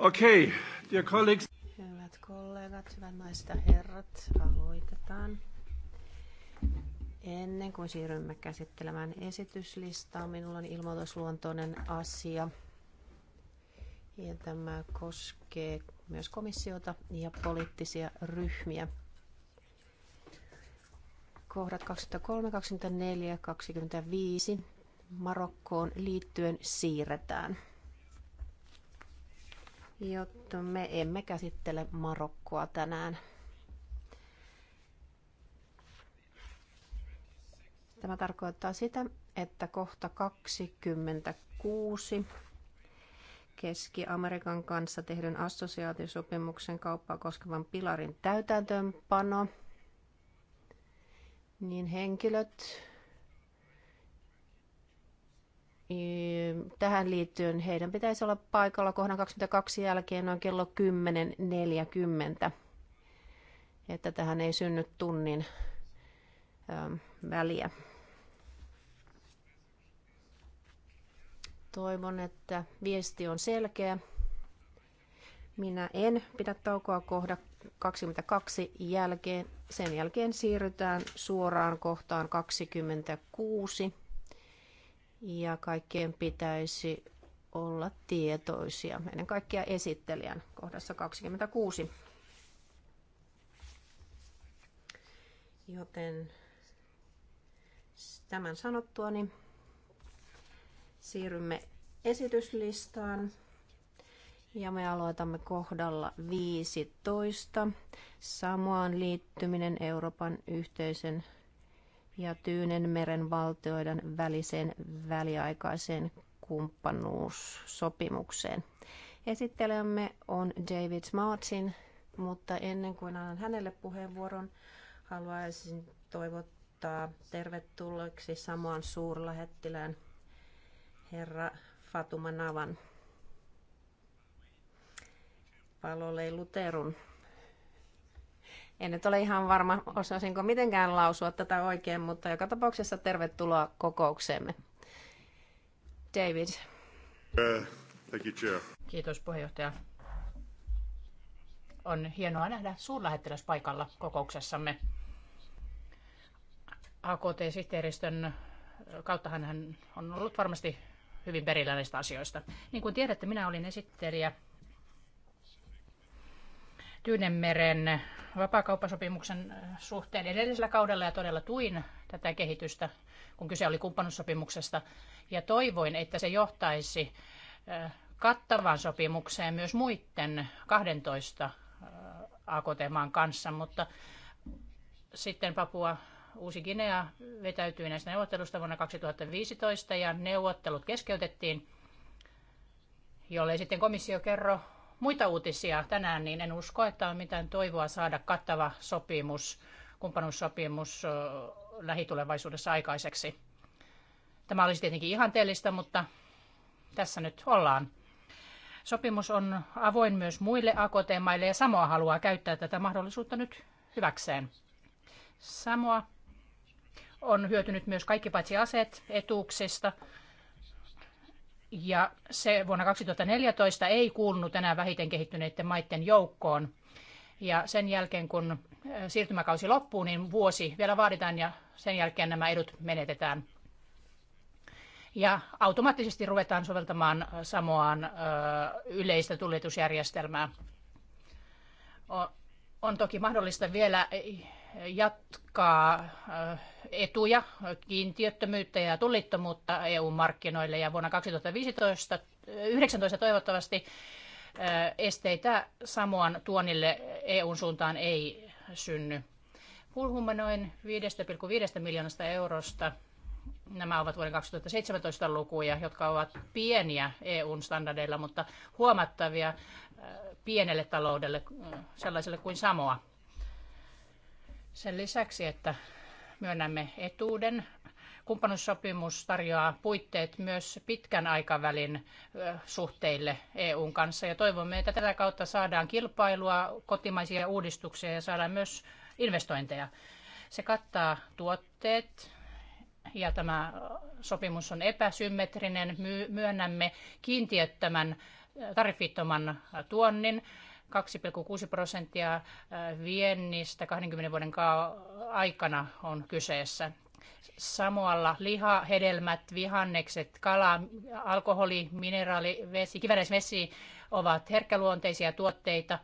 Okei, okay, dear colleagues. Hyvät kollegat, hyvät naiset ja herrat, aloitetaan. Ennen kuin siirrymme käsittelemään esityslistaa, minulla on ilmoitusluontoinen asia. Ja tämä koskee myös komissiota ja poliittisia ryhmiä. Kohdat 23, 24 ja 25 Marokkoon liittyen siirretään jotta me emme käsittele Marokkoa tänään. Tämä tarkoittaa sitä, että kohta 26 Keski-Amerikan kanssa tehdyn assosiaatiosopimuksen kauppaa koskevan pilarin täytäntöönpano, niin henkilöt, Tähän liittyen heidän pitäisi olla paikalla kohdan 22 jälkeen noin kello 10.40, että tähän ei synny tunnin väliä. Toivon, että viesti on selkeä. Minä en pidä taukoa kohda 22 jälkeen. Sen jälkeen siirrytään suoraan kohtaan 26 ja kaikkien pitäisi olla tietoisia, ennen kaikkea esittelijän kohdassa 26. Joten tämän sanottua, niin siirrymme esityslistaan. Ja me aloitamme kohdalla 15. Samoan liittyminen Euroopan yhteisen ja Tyynenmeren valtioiden väliseen väliaikaiseen kumppanuussopimukseen. Esittelemme on David Martin, mutta ennen kuin annan hänelle puheenvuoron, haluaisin toivottaa tervetulleeksi samaan suurlähettilään herra Fatuma Navan. Palolei Luterun en nyt ole ihan varma, osaisinko mitenkään lausua tätä oikein, mutta joka tapauksessa tervetuloa kokoukseemme. David. Uh, thank you, chair. Kiitos puheenjohtaja. On hienoa nähdä suurlähettiläs paikalla kokouksessamme. AKT-sihteeristön kauttahan hän on ollut varmasti hyvin perillä näistä asioista. Niin kuin tiedätte, minä olin esittelijä Tyynemeren vapaakauppasopimuksen äh, suhteen edellisellä kaudella ja todella tuin tätä kehitystä, kun kyse oli kumppanussopimuksesta. Ja toivoin, että se johtaisi äh, kattavaan sopimukseen myös muiden 12 äh, AKT-maan kanssa, mutta sitten Papua Uusi Guinea vetäytyi näistä neuvottelusta vuonna 2015 ja neuvottelut keskeytettiin, jolle sitten komissio kerro muita uutisia tänään, niin en usko, että on mitään toivoa saada kattava sopimus, kumppanuussopimus lähitulevaisuudessa aikaiseksi. Tämä olisi tietenkin ihanteellista, mutta tässä nyt ollaan. Sopimus on avoin myös muille AKT-maille ja Samoa haluaa käyttää tätä mahdollisuutta nyt hyväkseen. Samoa on hyötynyt myös kaikki paitsi aseet etuuksista ja se vuonna 2014 ei kuulunut enää vähiten kehittyneiden maiden joukkoon. Ja sen jälkeen, kun siirtymäkausi loppuu, niin vuosi vielä vaaditaan ja sen jälkeen nämä edut menetetään. Ja automaattisesti ruvetaan soveltamaan samoaan yleistä tuljetusjärjestelmää. On toki mahdollista vielä jatkaa äh, etuja, kiintiöttömyyttä ja tulittomuutta EU-markkinoille ja vuonna 2015 19 äh, toivottavasti äh, esteitä samoan tuonnille EUn suuntaan ei synny. Puhumme noin 5,5 miljoonasta eurosta. Nämä ovat vuoden 2017 lukuja, jotka ovat pieniä EUn standardeilla, mutta huomattavia pienelle taloudelle, sellaiselle kuin Samoa. Sen lisäksi, että myönnämme etuuden, kumppanuussopimus tarjoaa puitteet myös pitkän aikavälin suhteille EUn kanssa ja toivomme, että tätä kautta saadaan kilpailua, kotimaisia uudistuksia ja saadaan myös investointeja. Se kattaa tuotteet ja tämä sopimus on epäsymmetrinen. Myönnämme kiintiöttömän tarifittoman tuonnin 2,6 prosenttia äh, viennistä 20 vuoden aikana on kyseessä. Samoalla liha, hedelmät, vihannekset, kala, alkoholi, mineraali, vesi, kiveräisvesi ovat herkkäluonteisia tuotteita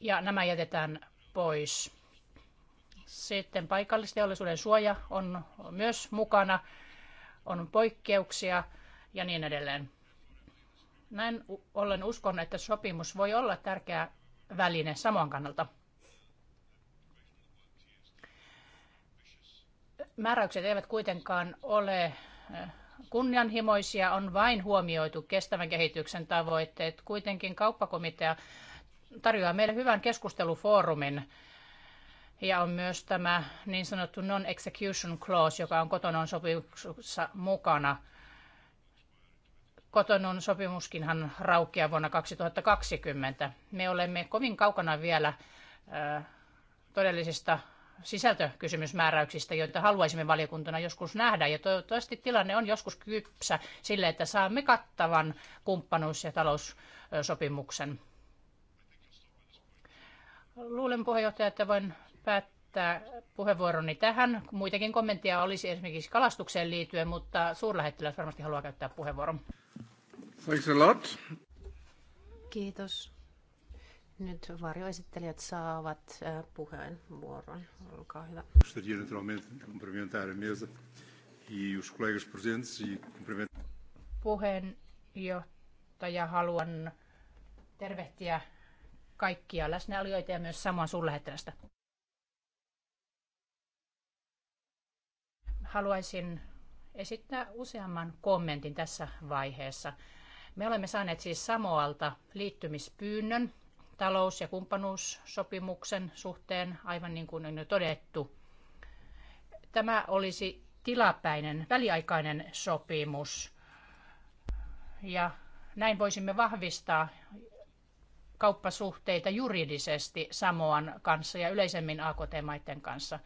ja nämä jätetään pois. Sitten paikallisteollisuuden suoja on myös mukana, on poikkeuksia ja niin edelleen. Näin ollen uskon, että sopimus voi olla tärkeä väline samoin kannalta. Määräykset eivät kuitenkaan ole eh, kunnianhimoisia, on vain huomioitu kestävän kehityksen tavoitteet. Kuitenkin kauppakomitea tarjoaa meille hyvän keskustelufoorumin ja on myös tämä niin sanottu non-execution clause, joka on kotonaan sopimuksessa mukana – Kotonun sopimuskinhan raukeaa vuonna 2020. Me olemme kovin kaukana vielä äh, todellisista sisältökysymysmääräyksistä, joita haluaisimme valiokuntana joskus nähdä. Ja toivottavasti tilanne on joskus kypsä sille, että saamme kattavan kumppanuus- ja taloussopimuksen. Luulen puheenjohtaja, että voin päättää päättää puheenvuoroni tähän. Muitakin kommentteja olisi esimerkiksi kalastukseen liittyen, mutta suurlähettiläs varmasti haluaa käyttää puheenvuoron. Thanks a lot. Kiitos. Nyt varjoesittelijät saavat äh, puheenvuoron. Olkaa hyvä. Gostaria naturalmente cumprimentar a mesa e os colegas presentes e cumprimentar... Puheenjohtaja, haluan tervehtiä kaikkia läsnäolijoita ja myös samoin suurlähettilästä. haluaisin esittää useamman kommentin tässä vaiheessa. Me olemme saaneet siis Samoalta liittymispyynnön talous- ja kumppanuussopimuksen suhteen, aivan niin kuin on jo todettu. Tämä olisi tilapäinen, väliaikainen sopimus. Ja näin voisimme vahvistaa kauppasuhteita juridisesti Samoan kanssa ja yleisemmin AKT-maiden kanssa.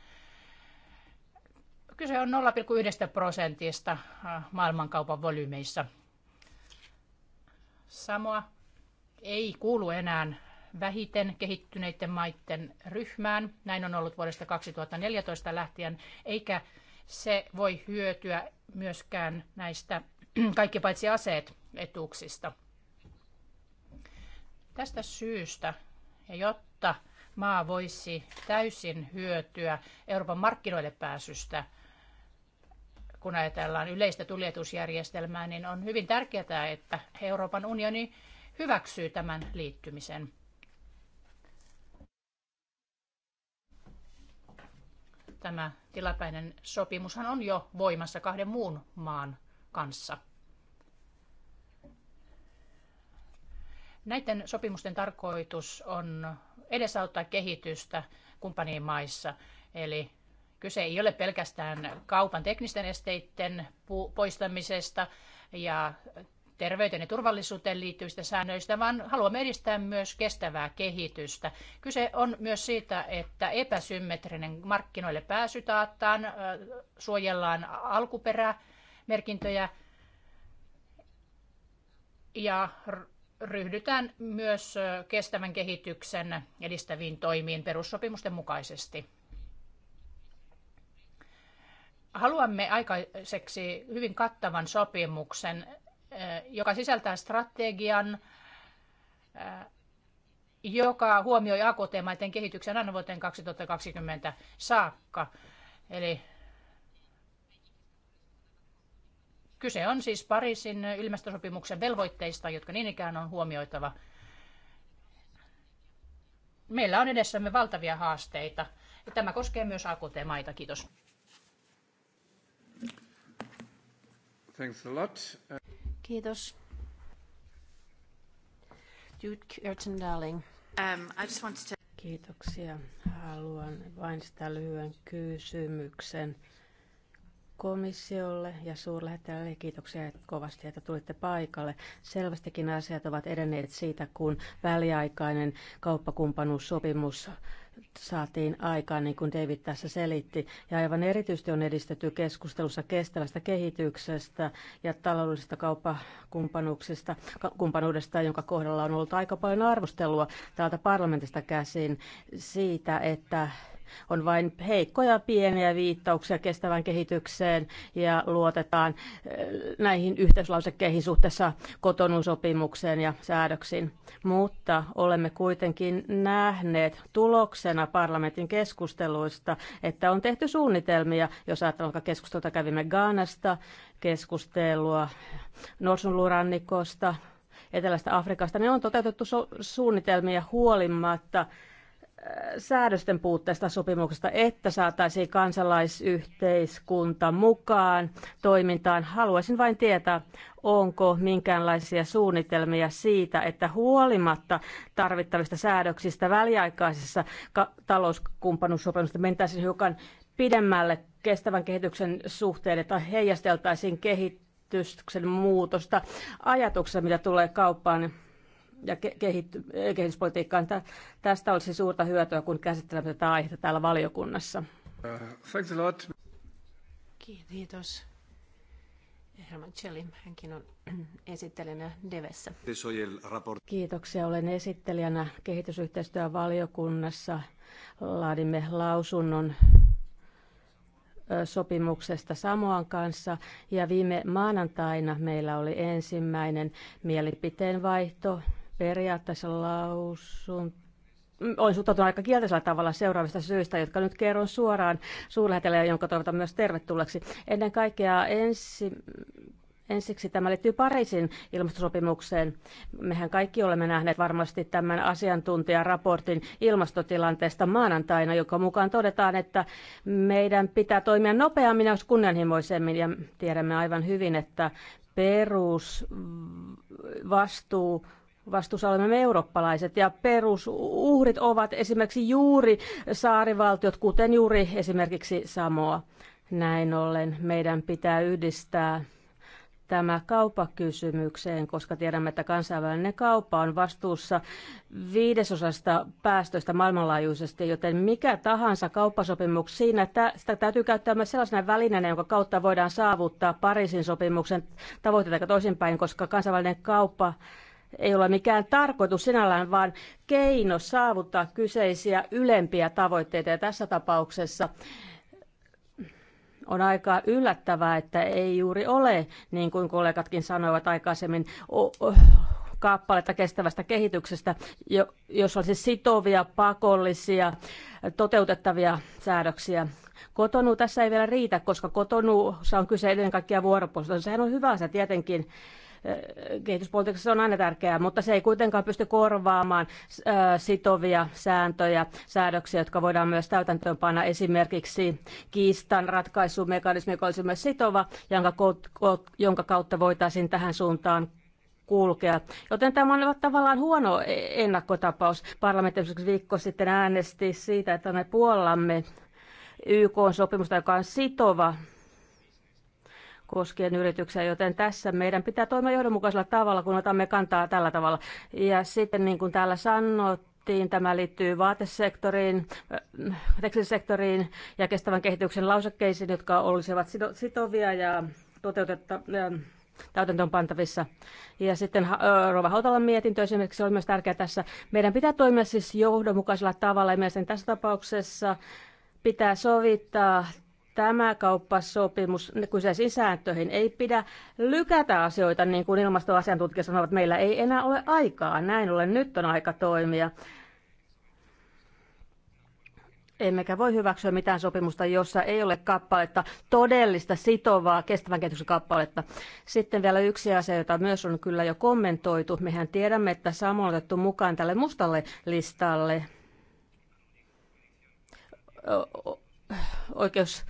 Kyse on 0,1 prosentista äh, maailmankaupan volyymeissa. Samoa ei kuulu enää vähiten kehittyneiden maiden ryhmään. Näin on ollut vuodesta 2014 lähtien, eikä se voi hyötyä myöskään näistä kaikki paitsi aseet etuuksista. Tästä syystä, ja jotta maa voisi täysin hyötyä Euroopan markkinoille pääsystä, kun ajatellaan yleistä tuljetusjärjestelmää, niin on hyvin tärkeää, että Euroopan unioni hyväksyy tämän liittymisen. Tämä tilapäinen sopimushan on jo voimassa kahden muun maan kanssa. Näiden sopimusten tarkoitus on edesauttaa kehitystä kumppanimaissa, eli Kyse ei ole pelkästään kaupan teknisten esteiden poistamisesta ja terveyteen ja turvallisuuteen liittyvistä säännöistä, vaan haluamme edistää myös kestävää kehitystä. Kyse on myös siitä, että epäsymmetrinen markkinoille pääsy taataan, suojellaan alkuperämerkintöjä ja ryhdytään myös kestävän kehityksen edistäviin toimiin perussopimusten mukaisesti haluamme aikaiseksi hyvin kattavan sopimuksen, eh, joka sisältää strategian, eh, joka huomioi AKT-maiden kehityksen aina vuoteen 2020 saakka. Eli kyse on siis Pariisin ilmastosopimuksen velvoitteista, jotka niin ikään on huomioitava. Meillä on edessämme valtavia haasteita. Tämä koskee myös AKT-maita. Kiitos. Thanks a lot. Kiitos. darling. Um, I just wanted to... Kiitoksia. Haluan vain sitä lyhyen kysymyksen komissiolle ja suurlähettäjälle kiitoksia kovasti, että tulitte paikalle. Selvästikin asiat ovat edenneet siitä, kun väliaikainen kauppakumppanuussopimus saatiin aikaan, niin kuin David tässä selitti. Ja aivan erityisesti on edistetty keskustelussa kestävästä kehityksestä ja taloudellisesta kauppakumppanuuksista, kumppanuudesta, jonka kohdalla on ollut aika paljon arvostelua täältä parlamentista käsin siitä, että on vain heikkoja pieniä viittauksia kestävään kehitykseen ja luotetaan eh, näihin yhteislausekkeihin suhteessa kotonusopimukseen ja säädöksiin. Mutta olemme kuitenkin nähneet tuloksena parlamentin keskusteluista, että on tehty suunnitelmia, jos ajatellaan että keskustelua kävimme Gaanasta, keskustelua Norsunlurannikosta, Etelästä Afrikasta, niin on toteutettu su- suunnitelmia huolimatta säädösten puutteesta sopimuksesta, että saataisiin kansalaisyhteiskunta mukaan toimintaan. Haluaisin vain tietää, onko minkäänlaisia suunnitelmia siitä, että huolimatta tarvittavista säädöksistä väliaikaisessa talouskumppanuussopimuksessa mentäisiin hiukan pidemmälle kestävän kehityksen suhteen, että heijasteltaisiin kehityksen muutosta ajatuksessa, mitä tulee kauppaan ja kehitty, kehityspolitiikkaan. Tästä olisi suurta hyötyä, kun käsittelemme tätä aihetta täällä valiokunnassa. Uh, thanks a lot. Kiitos. Herman Chelim, hänkin on esittelijänä Devessä. Kiitoksia, olen esittelijänä valiokunnassa Laadimme lausunnon sopimuksesta Samoan kanssa ja viime maanantaina meillä oli ensimmäinen mielipiteen vaihto Periaatteessa lausun, olen suhtautunut aika kielteisellä tavalla seuraavista syistä, jotka nyt kerron suoraan suurlähetelijälle, jonka toivotan myös tervetulleeksi. Ennen kaikkea ensi, ensiksi tämä liittyy Pariisin ilmastosopimukseen. Mehän kaikki olemme nähneet varmasti tämän asiantuntijaraportin ilmastotilanteesta maanantaina, joka mukaan todetaan, että meidän pitää toimia nopeammin ja kunnianhimoisemmin. Ja tiedämme aivan hyvin, että perusvastuu vastuu vastuussa olemme me eurooppalaiset. Ja perusuhrit ovat esimerkiksi juuri saarivaltiot, kuten juuri esimerkiksi Samoa. Näin ollen meidän pitää yhdistää tämä kaupakysymykseen, koska tiedämme, että kansainvälinen kauppa on vastuussa viidesosasta päästöistä maailmanlaajuisesti, joten mikä tahansa kauppasopimus siinä, sitä täytyy käyttää myös sellaisena välineenä, jonka kautta voidaan saavuttaa Pariisin sopimuksen tavoitteita toisinpäin, koska kansainvälinen kauppa ei ole mikään tarkoitus sinällään, vaan keino saavuttaa kyseisiä ylempiä tavoitteita. Ja tässä tapauksessa on aika yllättävää, että ei juuri ole, niin kuin kollegatkin sanoivat aikaisemmin, kappaletta kestävästä kehityksestä, jos olisi sitovia, pakollisia, toteutettavia säädöksiä. Kotonu tässä ei vielä riitä, koska kotonuussa on kyse ennen kaikkea vuoropuolustuksesta. Sehän on hyvä asia tietenkin, kehityspolitiikassa on aina tärkeää, mutta se ei kuitenkaan pysty korvaamaan sitovia sääntöjä, säädöksiä, jotka voidaan myös täytäntöönpanna esimerkiksi kiistan ratkaisumekanismi, joka olisi myös sitova, jonka kautta voitaisiin tähän suuntaan kulkea. Joten tämä on tavallaan huono ennakkotapaus. Parlamentti viikko sitten äänesti siitä, että me puollamme YK-sopimusta, joka on sitova koskien yrityksiä, joten tässä meidän pitää toimia johdonmukaisella tavalla, kun otamme kantaa tällä tavalla. Ja sitten niin kuin täällä sanot, tämä liittyy vaatesektoriin, äh, tekstisektoriin ja kestävän kehityksen lausekkeisiin, jotka olisivat sitovia ja toteutettavia täytäntöön pantavissa. Ja sitten äh, Rova Hautalan mietintö esimerkiksi on myös tärkeä tässä. Meidän pitää toimia siis johdonmukaisella tavalla ja mielestäni tässä tapauksessa pitää sovittaa tämä kauppasopimus kyseisiin sääntöihin ei pidä lykätä asioita, niin kuin ilmastoasiantuntijat sanovat, että meillä ei enää ole aikaa. Näin ollen nyt on aika toimia. Emmekä voi hyväksyä mitään sopimusta, jossa ei ole kappaletta, todellista sitovaa kestävän kehityksen kappaletta. Sitten vielä yksi asia, jota myös on kyllä jo kommentoitu. Mehän tiedämme, että Samo on otettu mukaan tälle mustalle listalle oikeus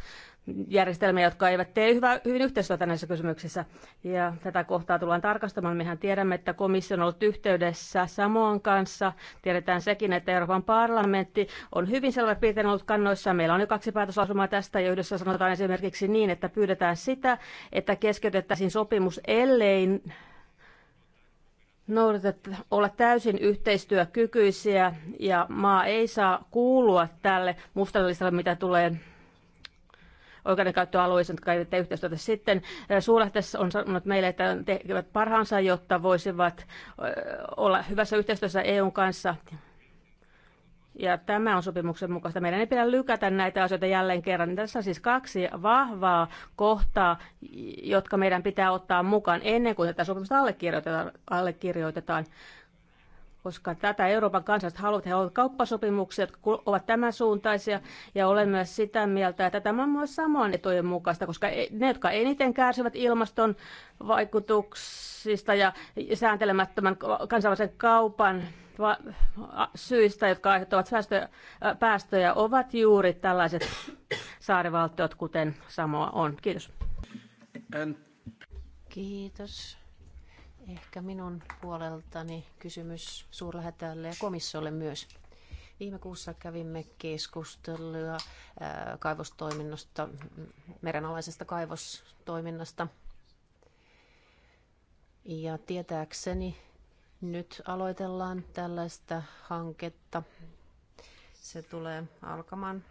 järjestelmiä, jotka eivät tee hyvä, hyvin yhteistyötä näissä kysymyksissä. Ja tätä kohtaa tullaan tarkastamaan. Mehän tiedämme, että komissio on ollut yhteydessä Samoan kanssa. Tiedetään sekin, että Euroopan parlamentti on hyvin selvä piirtein ollut kannoissa. Meillä on jo kaksi päätöslausumaa tästä ja yhdessä sanotaan esimerkiksi niin, että pyydetään sitä, että keskeytettäisiin sopimus, ellei noudatet, olla täysin yhteistyökykyisiä ja maa ei saa kuulua tälle mustalle mitä tulee oikeudenkäyttöalueeseen, jotka eivät tee yhteistyötä. Sitten Suurlähteessä on sanonut meille, että tekevät parhaansa, jotta voisivat olla hyvässä yhteistyössä EUn kanssa ja tämä on sopimuksen mukaista. Meidän ei pidä lykätä näitä asioita jälleen kerran. Niin tässä on siis kaksi vahvaa kohtaa, jotka meidän pitää ottaa mukaan ennen kuin tätä sopimusta allekirjoitetaan, allekirjoitetaan koska tätä Euroopan kansalaiset haluavat. He ovat kauppasopimuksia, jotka ovat tämän suuntaisia, ja olen myös sitä mieltä, että tämä on myös samaan etujen mukaista, koska e- ne, jotka eniten kärsivät ilmaston vaikutuksista ja sääntelemättömän kansainvälisen kaupan syistä, jotka aiheuttavat säästöjä, päästöjä, ovat juuri tällaiset saarivaltiot, kuten Samoa on. Kiitos. En. Kiitos. Ehkä minun puoleltani kysymys suurlähetäälle ja komissiolle myös. Viime kuussa kävimme keskustelua kaivostoiminnasta, merenalaisesta kaivostoiminnasta. Ja tietääkseni nyt aloitellaan tällaista hanketta. Se tulee alkamaan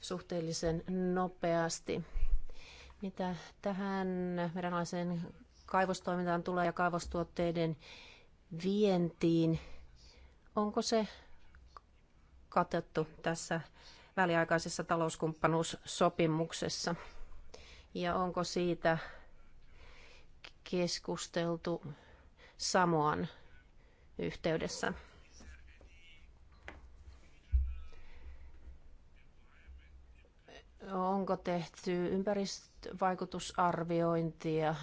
suhteellisen nopeasti. Mitä tähän merenalaiseen kaivostoimintaan tulee ja kaivostuotteiden vientiin, onko se katettu tässä väliaikaisessa talouskumppanuussopimuksessa? Ja onko siitä keskusteltu Samoan yhteydessä. Onko tehty ympäristövaikutusarviointia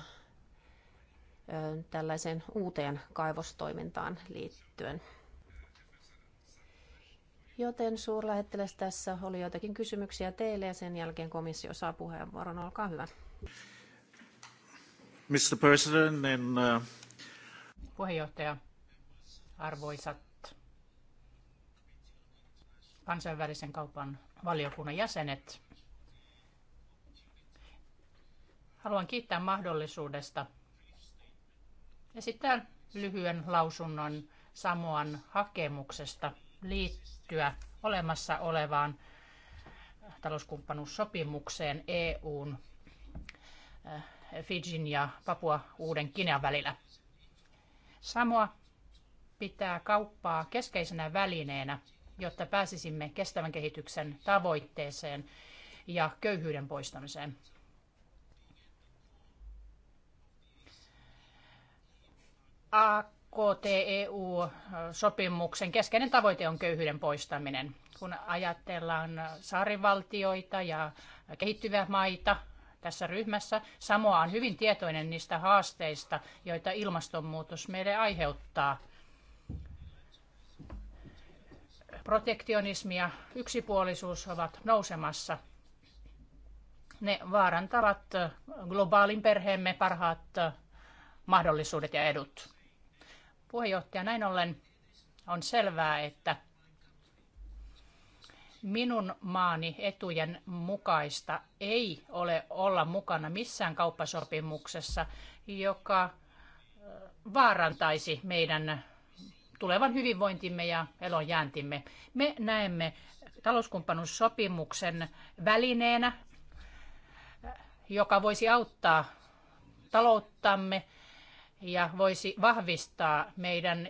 tällaiseen uuteen kaivostoimintaan liittyen? Joten suurlähettiläs tässä oli joitakin kysymyksiä teille ja sen jälkeen komissio saa puheenvuoron. Olkaa hyvä. Mr. President, in, uh puheenjohtaja, arvoisat kansainvälisen kaupan valiokunnan jäsenet. Haluan kiittää mahdollisuudesta esittää lyhyen lausunnon Samoan hakemuksesta liittyä olemassa olevaan talouskumppanuussopimukseen EUn, eh, Fijin ja Papua Uuden Kinean välillä. Samoa pitää kauppaa keskeisenä välineenä, jotta pääsisimme kestävän kehityksen tavoitteeseen ja köyhyyden poistamiseen. akteu sopimuksen keskeinen tavoite on köyhyyden poistaminen. Kun ajatellaan saarivaltioita ja kehittyviä maita, tässä ryhmässä. Samoa on hyvin tietoinen niistä haasteista, joita ilmastonmuutos meille aiheuttaa. Protektionismi ja yksipuolisuus ovat nousemassa. Ne vaarantavat globaalin perheemme parhaat mahdollisuudet ja edut. Puheenjohtaja, näin ollen on selvää, että minun maani etujen mukaista ei ole olla mukana missään kauppasopimuksessa, joka vaarantaisi meidän tulevan hyvinvointimme ja elonjääntimme. Me näemme talouskumppanuussopimuksen välineenä, joka voisi auttaa talouttamme ja voisi vahvistaa meidän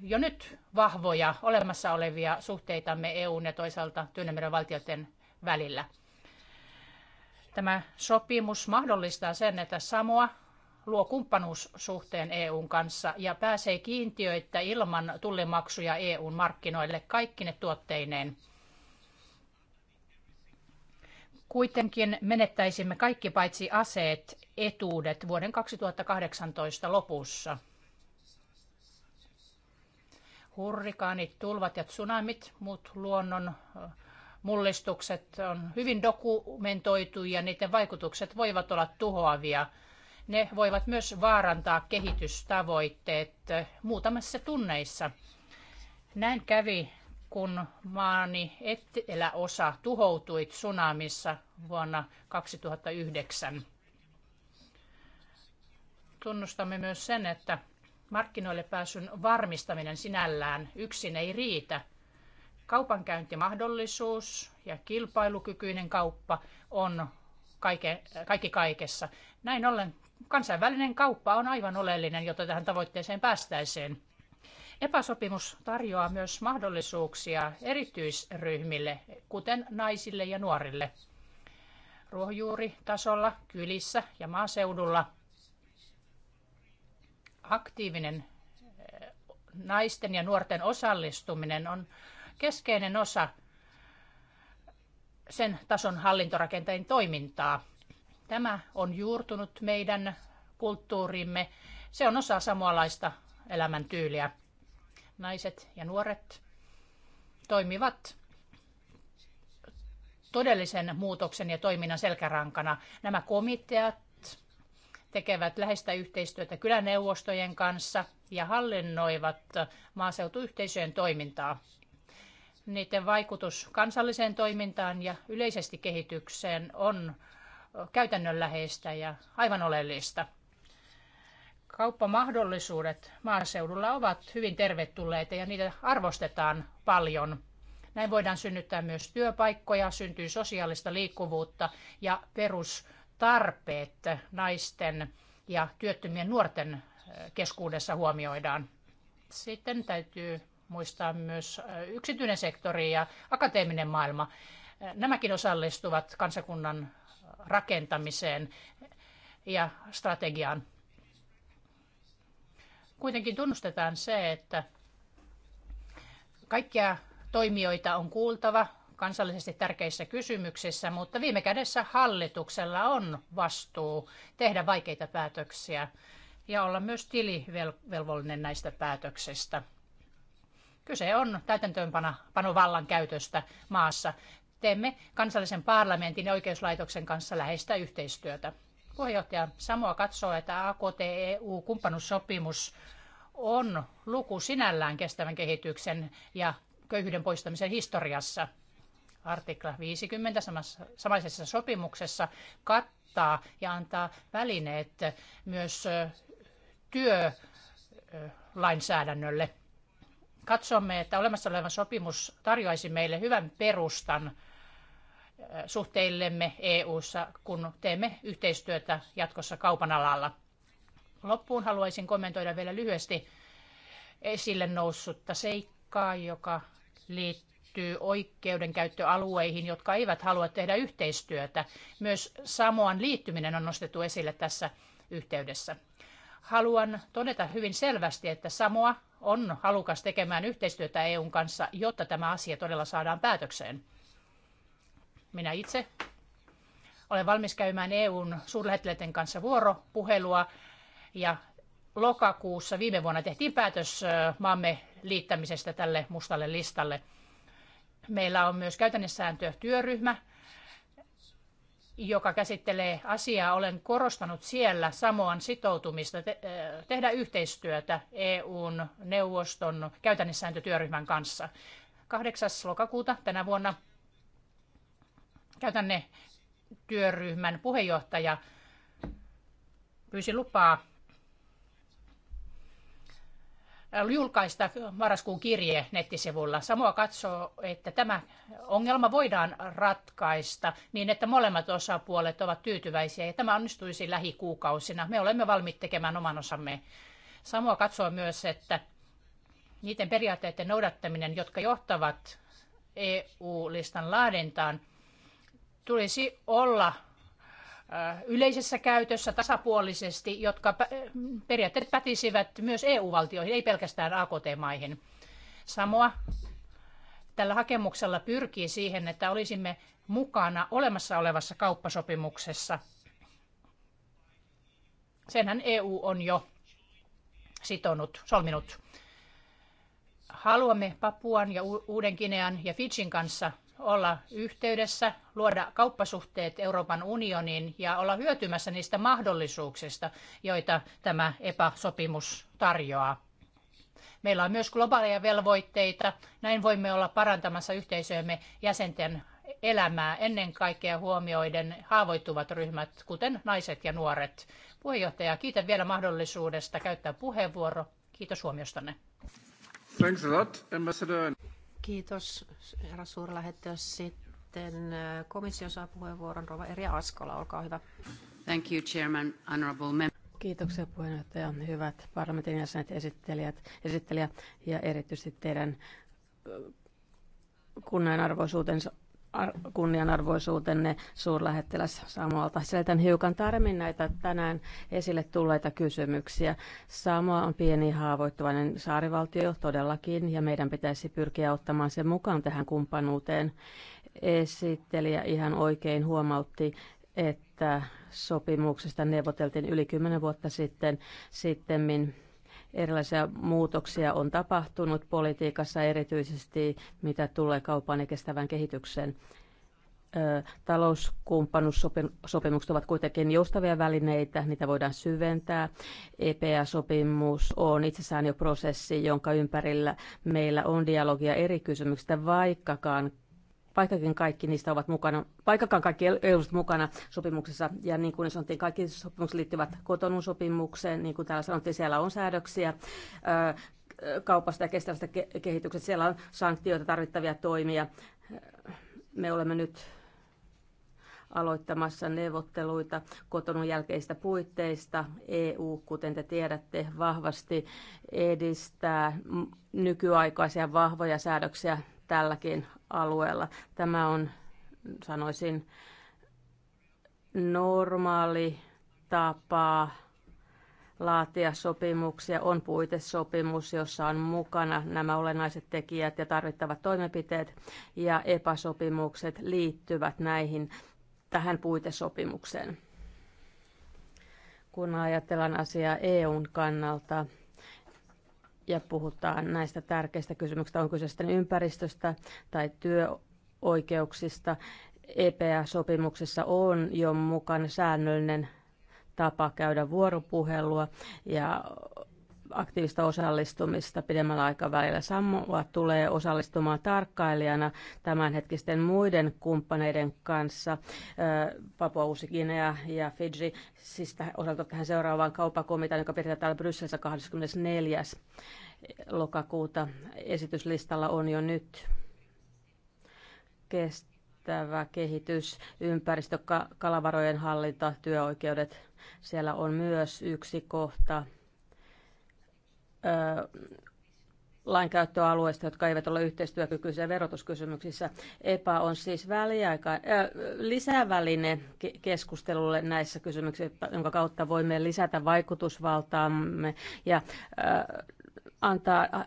jo nyt vahvoja olemassa olevia suhteitamme EUn ja toisaalta Tyynemeren valtioiden välillä. Tämä sopimus mahdollistaa sen, että Samoa luo kumppanuussuhteen EUn kanssa ja pääsee kiintiöitä ilman tullimaksuja EUn markkinoille kaikkine tuotteineen. Kuitenkin menettäisimme kaikki paitsi aseet etuudet vuoden 2018 lopussa hurrikaanit, tulvat ja tsunamit, muut luonnon mullistukset on hyvin dokumentoitu ja niiden vaikutukset voivat olla tuhoavia. Ne voivat myös vaarantaa kehitystavoitteet muutamassa tunneissa. Näin kävi, kun maani eteläosa tuhoutui tsunamissa vuonna 2009. Tunnustamme myös sen, että markkinoille pääsyn varmistaminen sinällään yksin ei riitä. Kaupankäyntimahdollisuus ja kilpailukykyinen kauppa on kaike, kaikki kaikessa. Näin ollen kansainvälinen kauppa on aivan oleellinen, jotta tähän tavoitteeseen päästäisiin. Epäsopimus tarjoaa myös mahdollisuuksia erityisryhmille, kuten naisille ja nuorille. Ruohonjuuritasolla, kylissä ja maaseudulla – aktiivinen eh, naisten ja nuorten osallistuminen on keskeinen osa sen tason hallintorakenteen toimintaa. Tämä on juurtunut meidän kulttuurimme. Se on osa samanlaista elämäntyyliä. Naiset ja nuoret toimivat todellisen muutoksen ja toiminnan selkärankana. Nämä komiteat tekevät läheistä yhteistyötä kyläneuvostojen kanssa ja hallinnoivat maaseutuyhteisöjen toimintaa. Niiden vaikutus kansalliseen toimintaan ja yleisesti kehitykseen on käytännönläheistä ja aivan oleellista. Kauppamahdollisuudet maaseudulla ovat hyvin tervetulleita ja niitä arvostetaan paljon. Näin voidaan synnyttää myös työpaikkoja, syntyy sosiaalista liikkuvuutta ja perus tarpeet naisten ja työttömien nuorten keskuudessa huomioidaan. Sitten täytyy muistaa myös yksityinen sektori ja akateeminen maailma. Nämäkin osallistuvat kansakunnan rakentamiseen ja strategiaan. Kuitenkin tunnustetaan se, että kaikkia toimijoita on kuultava, kansallisesti tärkeissä kysymyksissä, mutta viime kädessä hallituksella on vastuu tehdä vaikeita päätöksiä ja olla myös tilivelvollinen näistä päätöksistä. Kyse on täytäntöönpanovallan käytöstä maassa. Teemme kansallisen parlamentin ja oikeuslaitoksen kanssa läheistä yhteistyötä. Puheenjohtaja Samoa katsoo, että AKT-EU-kumppanuussopimus on luku sinällään kestävän kehityksen ja köyhyyden poistamisen historiassa artikla 50 samassa, samaisessa sopimuksessa kattaa ja antaa välineet myös työlainsäädännölle. Katsomme, että olemassa oleva sopimus tarjoaisi meille hyvän perustan suhteillemme EU:ssa, kun teemme yhteistyötä jatkossa kaupan alalla. Loppuun haluaisin kommentoida vielä lyhyesti esille noussutta seikkaa, joka liittyy liittyy oikeudenkäyttöalueihin, jotka eivät halua tehdä yhteistyötä. Myös Samoan liittyminen on nostettu esille tässä yhteydessä. Haluan todeta hyvin selvästi, että Samoa on halukas tekemään yhteistyötä EUn kanssa, jotta tämä asia todella saadaan päätökseen. Minä itse olen valmis käymään EUn suurlähettiläiden kanssa vuoropuhelua ja lokakuussa viime vuonna tehtiin päätös maamme liittämisestä tälle mustalle listalle. Meillä on myös työryhmä, joka käsittelee asiaa. Olen korostanut siellä Samoan sitoutumista te- äh, tehdä yhteistyötä EUn neuvoston käytännössääntötyöryhmän kanssa. 8. lokakuuta tänä vuonna käytännön työryhmän puheenjohtaja pyysi lupaa julkaista marraskuun kirje nettisivulla. Samoa katsoo, että tämä ongelma voidaan ratkaista niin, että molemmat osapuolet ovat tyytyväisiä ja tämä onnistuisi lähikuukausina. Me olemme valmiit tekemään oman osamme. Samoa katsoo myös, että niiden periaatteiden noudattaminen, jotka johtavat EU-listan laadintaan, tulisi olla yleisessä käytössä tasapuolisesti, jotka periaatteet pätisivät myös EU-valtioihin, ei pelkästään AKT-maihin. Samoa tällä hakemuksella pyrkii siihen, että olisimme mukana olemassa olevassa kauppasopimuksessa. Senhän EU on jo sitonut, solminut. Haluamme Papuan ja Uuden Kinean ja Fidjin kanssa olla yhteydessä, luoda kauppasuhteet Euroopan unioniin ja olla hyötymässä niistä mahdollisuuksista, joita tämä epäsopimus tarjoaa. Meillä on myös globaaleja velvoitteita. Näin voimme olla parantamassa yhteisöjemme jäsenten elämää ennen kaikkea huomioiden haavoittuvat ryhmät, kuten naiset ja nuoret. Puheenjohtaja, kiitän vielä mahdollisuudesta käyttää puheenvuoro. Kiitos huomiostanne. Thanks a lot, Ambassador. Kiitos, herra suurlähettös. Sitten äh, komissio saa puheenvuoron. Rova Erja Askola, olkaa hyvä. Thank you, Chairman, Honorable Member. Kiitoksia puheenjohtaja, hyvät parlamentin jäsenet, esittelijät, esittelijät ja erityisesti teidän äh, kunnianarvoisuutensa kunnianarvoisuutenne suurlähettiläs Samoalta. Selitän hiukan tarmin näitä tänään esille tulleita kysymyksiä. Samoa on pieni haavoittuvainen saarivaltio todellakin, ja meidän pitäisi pyrkiä ottamaan sen mukaan tähän kumppanuuteen. Esittelijä ihan oikein huomautti, että sopimuksesta neuvoteltiin yli kymmenen vuotta sitten. Sittemmin Erilaisia muutoksia on tapahtunut politiikassa erityisesti, mitä tulee kaupan ja kestävään kehitykseen. Talouskumppanuussopimukset ovat kuitenkin joustavia välineitä, niitä voidaan syventää. EPA-sopimus on itsessään jo prosessi, jonka ympärillä meillä on dialogia eri kysymyksistä, vaikkakaan Vaikkakin kaikki niistä ovat mukana, vaikkakaan kaikki ei ollut mukana sopimuksessa, ja niin kuin sanottiin, kaikki sopimukset liittyvät kotonun sopimukseen, niin kuin täällä sanottiin, siellä on säädöksiä, kaupasta ja kestävästä kehityksestä, siellä on sanktioita, tarvittavia toimia. Me olemme nyt aloittamassa neuvotteluita kotonun jälkeistä puitteista. EU, kuten te tiedätte, vahvasti edistää nykyaikaisia vahvoja säädöksiä tälläkin alueella. Tämä on, sanoisin, normaali tapa laatia sopimuksia, on puitesopimus, jossa on mukana nämä olennaiset tekijät ja tarvittavat toimenpiteet, ja epäsopimukset liittyvät näihin tähän puitesopimukseen. Kun ajatellaan asiaa EUn kannalta, ja puhutaan näistä tärkeistä kysymyksistä, on kyse sitten ympäristöstä tai työoikeuksista. EPA-sopimuksessa on jo mukana säännöllinen tapa käydä vuoropuhelua ja aktiivista osallistumista pidemmällä aikavälillä. Samoa tulee osallistumaan tarkkailijana tämänhetkisten muiden kumppaneiden kanssa, Papua uusi Guinea ja Fiji, siis osalta tähän seuraavaan kauppakomiteaan, joka pidetään täällä Brysselissä 24. lokakuuta. Esityslistalla on jo nyt kestävä kehitys, ympäristö, kalavarojen hallinta, työoikeudet. Siellä on myös yksi kohta lainkäyttöalueista, jotka eivät ole yhteistyökykyisiä verotuskysymyksissä. EPA on siis väliaika, äh, lisäväline keskustelulle näissä kysymyksissä, jonka kautta voimme lisätä vaikutusvaltaamme ja äh, antaa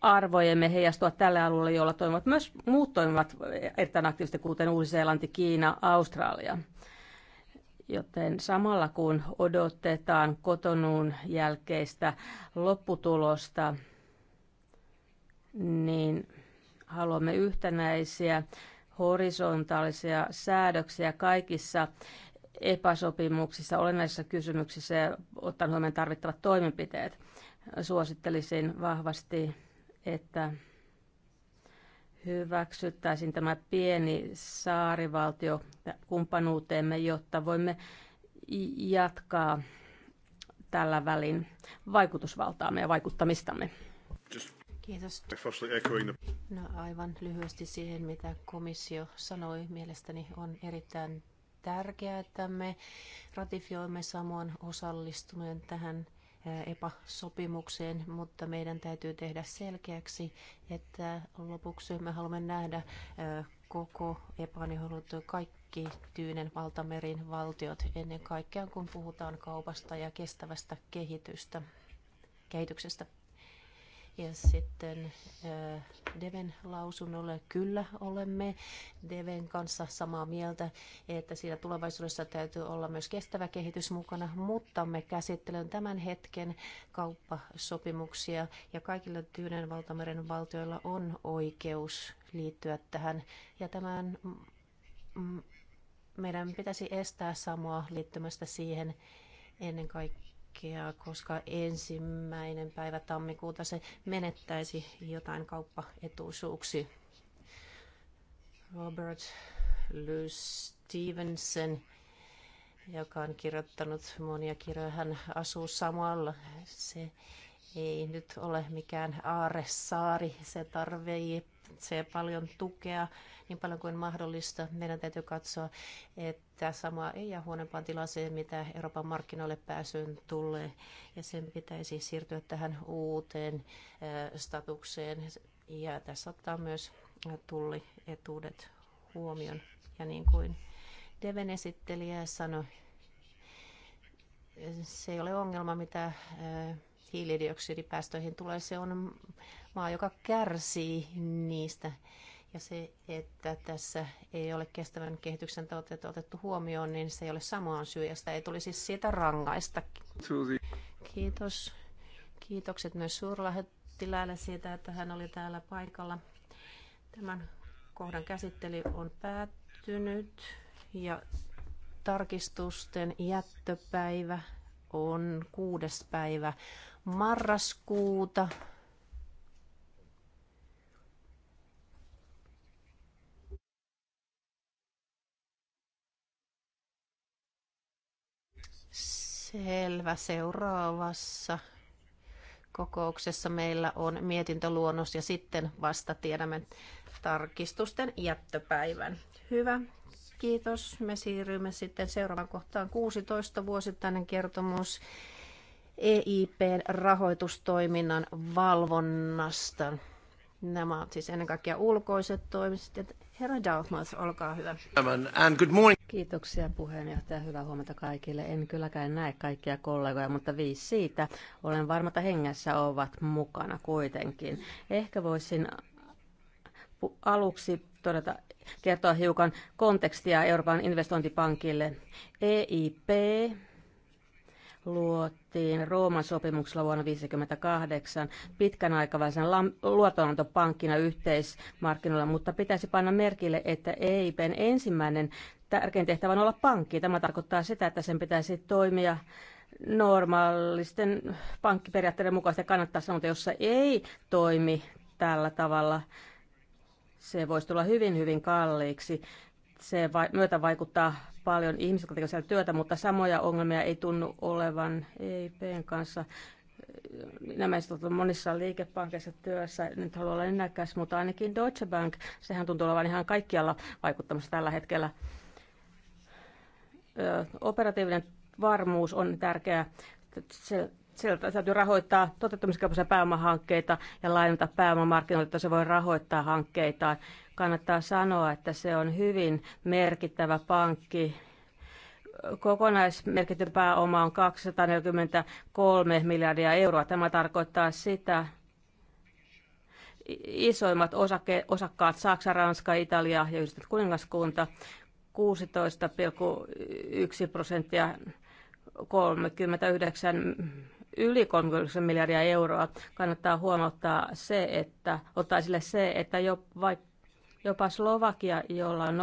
arvojemme heijastua tälle alueelle, jolla toimivat myös muut toimivat e-, erittäin aktiivisesti, kuten Uusi-Seelanti, Kiina, Australia. Joten samalla kun odotetaan kotonuun jälkeistä lopputulosta, niin haluamme yhtenäisiä horisontaalisia säädöksiä kaikissa epäsopimuksissa, olennaisissa kysymyksissä ja ottaen huomioon tarvittavat toimenpiteet. Suosittelisin vahvasti, että hyväksyttäisiin tämä pieni saarivaltio kumppanuuteemme, jotta voimme jatkaa tällä välin vaikutusvaltaamme ja vaikuttamistamme. Kiitos. No aivan lyhyesti siihen, mitä komissio sanoi. Mielestäni on erittäin tärkeää, että me ratifioimme samoin osallistuminen tähän epäsopimukseen, mutta meidän täytyy tehdä selkeäksi, että lopuksi me haluamme nähdä koko epäniholut kaikki Tyynen valtamerin valtiot ennen kaikkea, kun puhutaan kaupasta ja kestävästä kehitystä, kehityksestä. Ja sitten Deven lausunnolle kyllä olemme Deven kanssa samaa mieltä, että siinä tulevaisuudessa täytyy olla myös kestävä kehitys mukana, mutta me käsittelemme tämän hetken kauppasopimuksia ja kaikilla Tyynen valtameren valtioilla on oikeus liittyä tähän. Ja tämän meidän pitäisi estää samoa liittymästä siihen ennen kaikkea vaikeaa, koska ensimmäinen päivä tammikuuta se menettäisi jotain kauppaetuisuuksia. Robert Louis Stevenson, joka on kirjoittanut monia kirjoja, hän asuu samalla. Se ei nyt ole mikään aaressaari. Se tarvitsee paljon tukea niin paljon kuin mahdollista. Meidän täytyy katsoa, että sama ei jää huonompaan tilaseen, mitä Euroopan markkinoille pääsyyn tulee. Ja sen pitäisi siirtyä tähän uuteen statukseen. Ja tässä ottaa myös tullietuudet huomioon. Ja niin kuin Deven esittelijä sanoi, se ei ole ongelma, mitä hiilidioksidipäästöihin tulee, se on maa, joka kärsii niistä. Ja se, että tässä ei ole kestävän kehityksen tavoitteet otettu huomioon, niin se ei ole samaan syy, ja sitä ei tulisi siis siitä rangaista. Kiitos. Kiitokset myös suurlähettiläälle siitä, että hän oli täällä paikalla. Tämän kohdan käsittely on päättynyt ja tarkistusten jättöpäivä on kuudes päivä marraskuuta. Selvä. Seuraavassa kokouksessa meillä on mietintöluonnos ja sitten vasta tiedämme tarkistusten jättöpäivän. Hyvä. Kiitos. Me siirrymme sitten seuraavaan kohtaan 16 vuosittainen kertomus EIPn rahoitustoiminnan valvonnasta. Nämä ovat siis ennen kaikkea ulkoiset toimiset. Herra Dalmas, olkaa hyvä. And good morning. Kiitoksia puheenjohtaja. Hyvää huomenta kaikille. En kylläkään näe kaikkia kollegoja, mutta viisi siitä. Olen varma, että hengessä ovat mukana kuitenkin. Ehkä voisin aluksi todeta, kertoa hiukan kontekstia Euroopan investointipankille. EIP luotiin Rooman sopimuksella vuonna 1958 pitkän aikavälisen luotonantopankkina yhteismarkkinoilla, mutta pitäisi panna merkille, että EIPn ensimmäinen tärkein tehtävä on olla pankki. Tämä tarkoittaa sitä, että sen pitäisi toimia normaalisten pankkiperiaatteiden mukaisesti kannattaa sanoa, että jos se ei toimi tällä tavalla, se voisi tulla hyvin, hyvin kalliiksi. Se va- myötä vaikuttaa paljon ihmisiä, jotka siellä työtä, mutta samoja ongelmia ei tunnu olevan EIPn kanssa. Nämä ovat monissa liikepankeissa työssä, nyt haluaa olla ennäkäs, mutta ainakin Deutsche Bank, sehän tuntuu olevan ihan kaikkialla vaikuttamassa tällä hetkellä. Ö, operatiivinen varmuus on tärkeä. Se sieltä täytyy rahoittaa toteuttamiskelpoisia pääomahankkeita ja lainata pääomamarkkinoita, että se voi rahoittaa hankkeitaan. Kannattaa sanoa, että se on hyvin merkittävä pankki. Kokonaismerkitty pääoma on 243 miljardia euroa. Tämä tarkoittaa sitä, isoimmat osake, osakkaat Saksa, Ranska, Italia ja yhdistetty kuningaskunta 16,1 prosenttia 39 yli 30 miljardia euroa. Kannattaa huomauttaa se, että ottaa sille se, että jo, vaikka jopa Slovakia, jolla on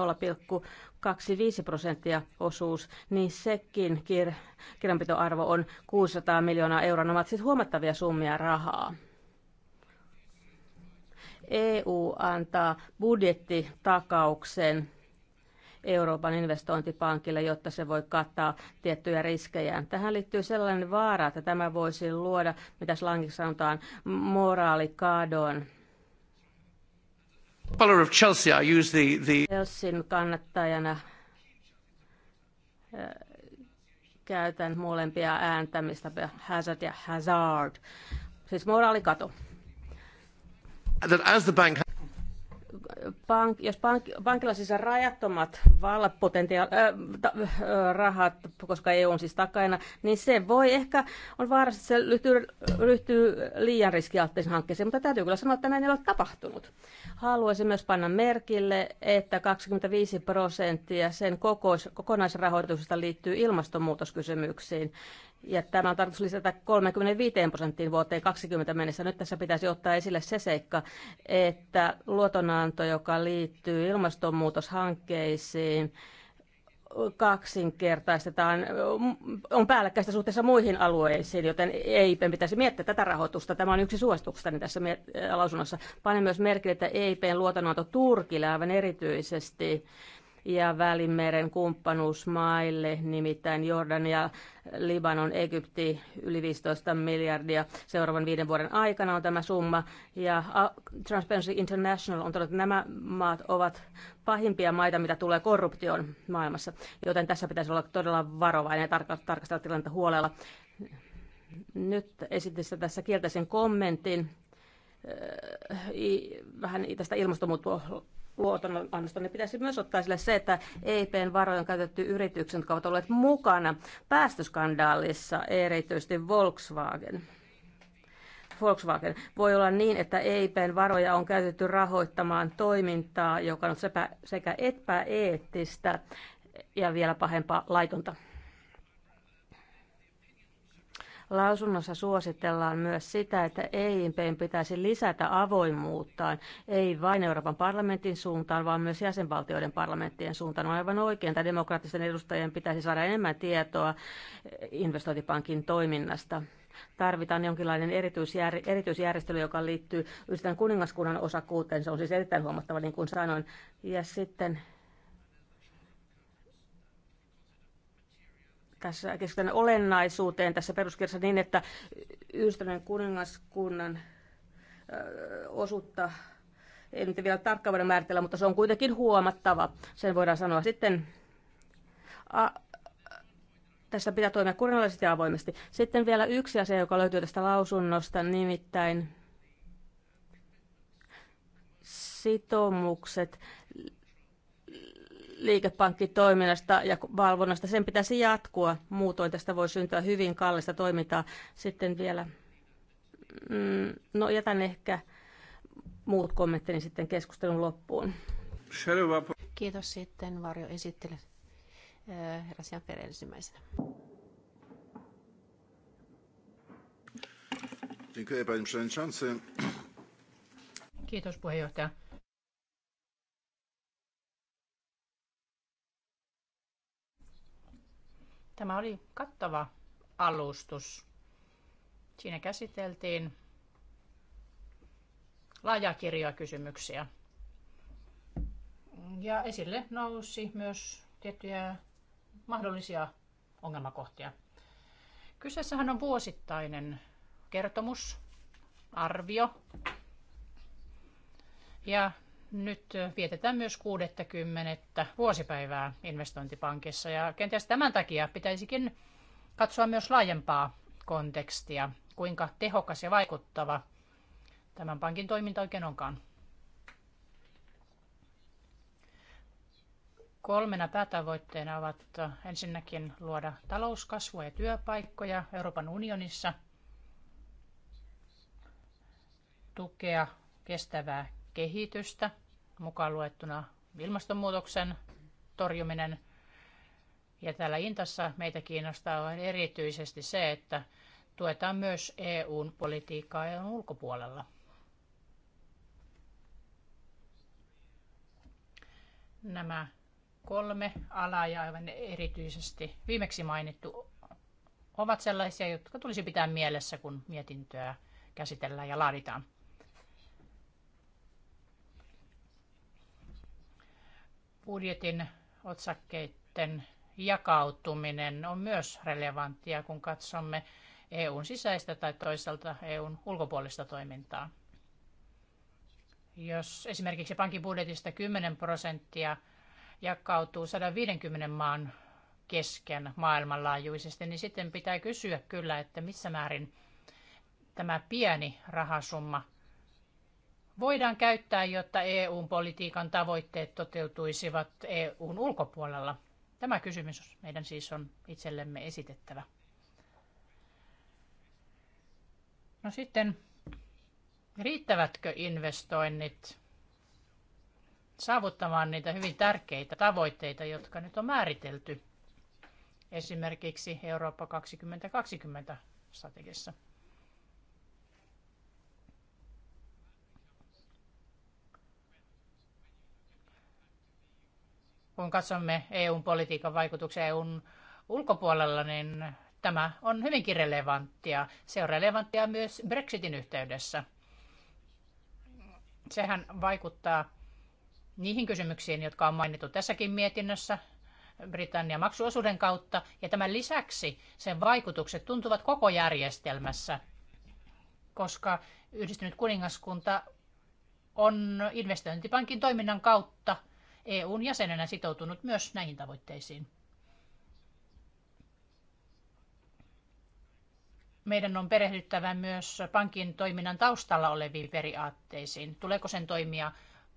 0,25 prosenttia osuus, niin sekin kir- kirjanpitoarvo on 600 miljoonaa euroa. Ne ovat siis huomattavia summia rahaa. EU antaa budjettitakauksen Euroopan investointipankille, jotta se voi kattaa tiettyjä riskejä. Tähän liittyy sellainen vaara, että tämä voisi luoda, mitä slangissa sanotaan, moraalikadon. of Chelsea, I use the, the... Chelsean kannattajana eh, käytän molempia ääntämistä, hazard ja hazard, siis moraalikato. That as the bank pank, jos pank, pankilla on siis rajattomat valpotentiaal, äh, rahat, koska EU on siis takaina, niin se voi ehkä, on vaarassa, että se ryhtyy, ryhtyy liian riskialttiisen hankkeeseen, mutta täytyy kyllä sanoa, että näin ei ole tapahtunut. Haluaisin myös panna merkille, että 25 prosenttia sen kokois, kokonaisrahoituksesta liittyy ilmastonmuutoskysymyksiin, ja tämä on tarkoitus lisätä 35 prosenttiin vuoteen 2020 mennessä. Nyt tässä pitäisi ottaa esille se seikka, että luotonanto, joka liittyy ilmastonmuutoshankkeisiin, kaksinkertaistetaan, mm, on päällekkäistä suhteessa muihin alueisiin, joten EIP pitäisi miettiä tätä rahoitusta. Tämä on yksi suosituksestani tässä lausunnossa. Panen myös merkille, että EIPn luotonanto Turkille aivan erityisesti ja Välimeren kumppanuusmaille, nimittäin Jordania, Libanon, Egypti, yli 15 miljardia seuraavan viiden vuoden aikana on tämä summa. Ja Transparency International on todennut, että nämä maat ovat pahimpia maita, mitä tulee korruptioon maailmassa, joten tässä pitäisi olla todella varovainen ja tarkastella tilannetta huolella. Nyt esitissä tässä kielteisen kommentin äh, vähän tästä ilmastonmuutoksesta luotonannosta, niin pitäisi myös ottaa sille se, että EIPn varoja on käytetty yritykset, jotka ovat olleet mukana päästöskandaalissa, erityisesti Volkswagen. Volkswagen. Voi olla niin, että EIPn varoja on käytetty rahoittamaan toimintaa, joka on sekä epäeettistä ja vielä pahempaa laitonta. Lausunnossa suositellaan myös sitä, että EIPn pitäisi lisätä avoimuuttaan, ei vain Euroopan parlamentin suuntaan, vaan myös jäsenvaltioiden parlamenttien suuntaan. On aivan oikein, että demokraattisten edustajien pitäisi saada enemmän tietoa investointipankin toiminnasta tarvitaan jonkinlainen erityisjär, erityisjärjestely, joka liittyy yhdistetään kuningaskunnan osakkuuteen. Se on siis erittäin huomattava, niin kuin sanoin. Ja sitten tässä keskitytään olennaisuuteen tässä peruskirjassa niin, että yhdistyneen kuningaskunnan osuutta ei nyt vielä tarkkaan voida määritellä, mutta se on kuitenkin huomattava. Sen voidaan sanoa sitten, a, tässä pitää toimia kurinalaisesti ja avoimesti. Sitten vielä yksi asia, joka löytyy tästä lausunnosta, nimittäin sitoumukset liikepankkitoiminnasta ja valvonnasta. Sen pitäisi jatkua, muutoin tästä voi syntyä hyvin kallista toimintaa. Sitten vielä, mm, no jätän ehkä muut kommenttini sitten keskustelun loppuun. Kiitos sitten Varjo esittely. Äh, herra Sianper ensimmäisenä. Kiitos puheenjohtaja. Tämä oli kattava alustus. Siinä käsiteltiin laajakirjoja kysymyksiä. Ja esille nousi myös tiettyjä mahdollisia ongelmakohtia. Kyseessähän on vuosittainen kertomus, arvio. Ja nyt vietetään myös 60. vuosipäivää investointipankissa ja kenties tämän takia pitäisikin katsoa myös laajempaa kontekstia, kuinka tehokas ja vaikuttava tämän pankin toiminta oikein onkaan. Kolmena päätavoitteena ovat ensinnäkin luoda talouskasvua ja työpaikkoja Euroopan unionissa, tukea kestävää kehitystä – mukaan luettuna ilmastonmuutoksen torjuminen. Ja täällä Intassa meitä kiinnostaa erityisesti se, että tuetaan myös EUn politiikkaa EUn ulkopuolella. Nämä kolme alaa ja aivan erityisesti viimeksi mainittu ovat sellaisia, jotka tulisi pitää mielessä, kun mietintöä käsitellään ja laaditaan. budjetin otsakkeiden jakautuminen on myös relevanttia, kun katsomme EUn sisäistä tai toisaalta EUn ulkopuolista toimintaa. Jos esimerkiksi pankin budjetista 10 prosenttia jakautuu 150 maan kesken maailmanlaajuisesti, niin sitten pitää kysyä kyllä, että missä määrin tämä pieni rahasumma voidaan käyttää, jotta EU-politiikan tavoitteet toteutuisivat EUn ulkopuolella? Tämä kysymys meidän siis on itsellemme esitettävä. No sitten, riittävätkö investoinnit saavuttamaan niitä hyvin tärkeitä tavoitteita, jotka nyt on määritelty esimerkiksi Eurooppa 2020 strategiassa? kun katsomme EUn politiikan vaikutuksia EUn ulkopuolella, niin tämä on hyvinkin relevanttia. Se on relevanttia myös Brexitin yhteydessä. Sehän vaikuttaa niihin kysymyksiin, jotka on mainittu tässäkin mietinnössä Britannian maksuosuuden kautta. Ja tämän lisäksi sen vaikutukset tuntuvat koko järjestelmässä, koska yhdistynyt kuningaskunta on investointipankin toiminnan kautta – EUn jäsenenä sitoutunut myös näihin tavoitteisiin. meidän on perehdyttävä myös pankin toiminnan taustalla oleviin periaatteisiin. Tuleeko sen toimia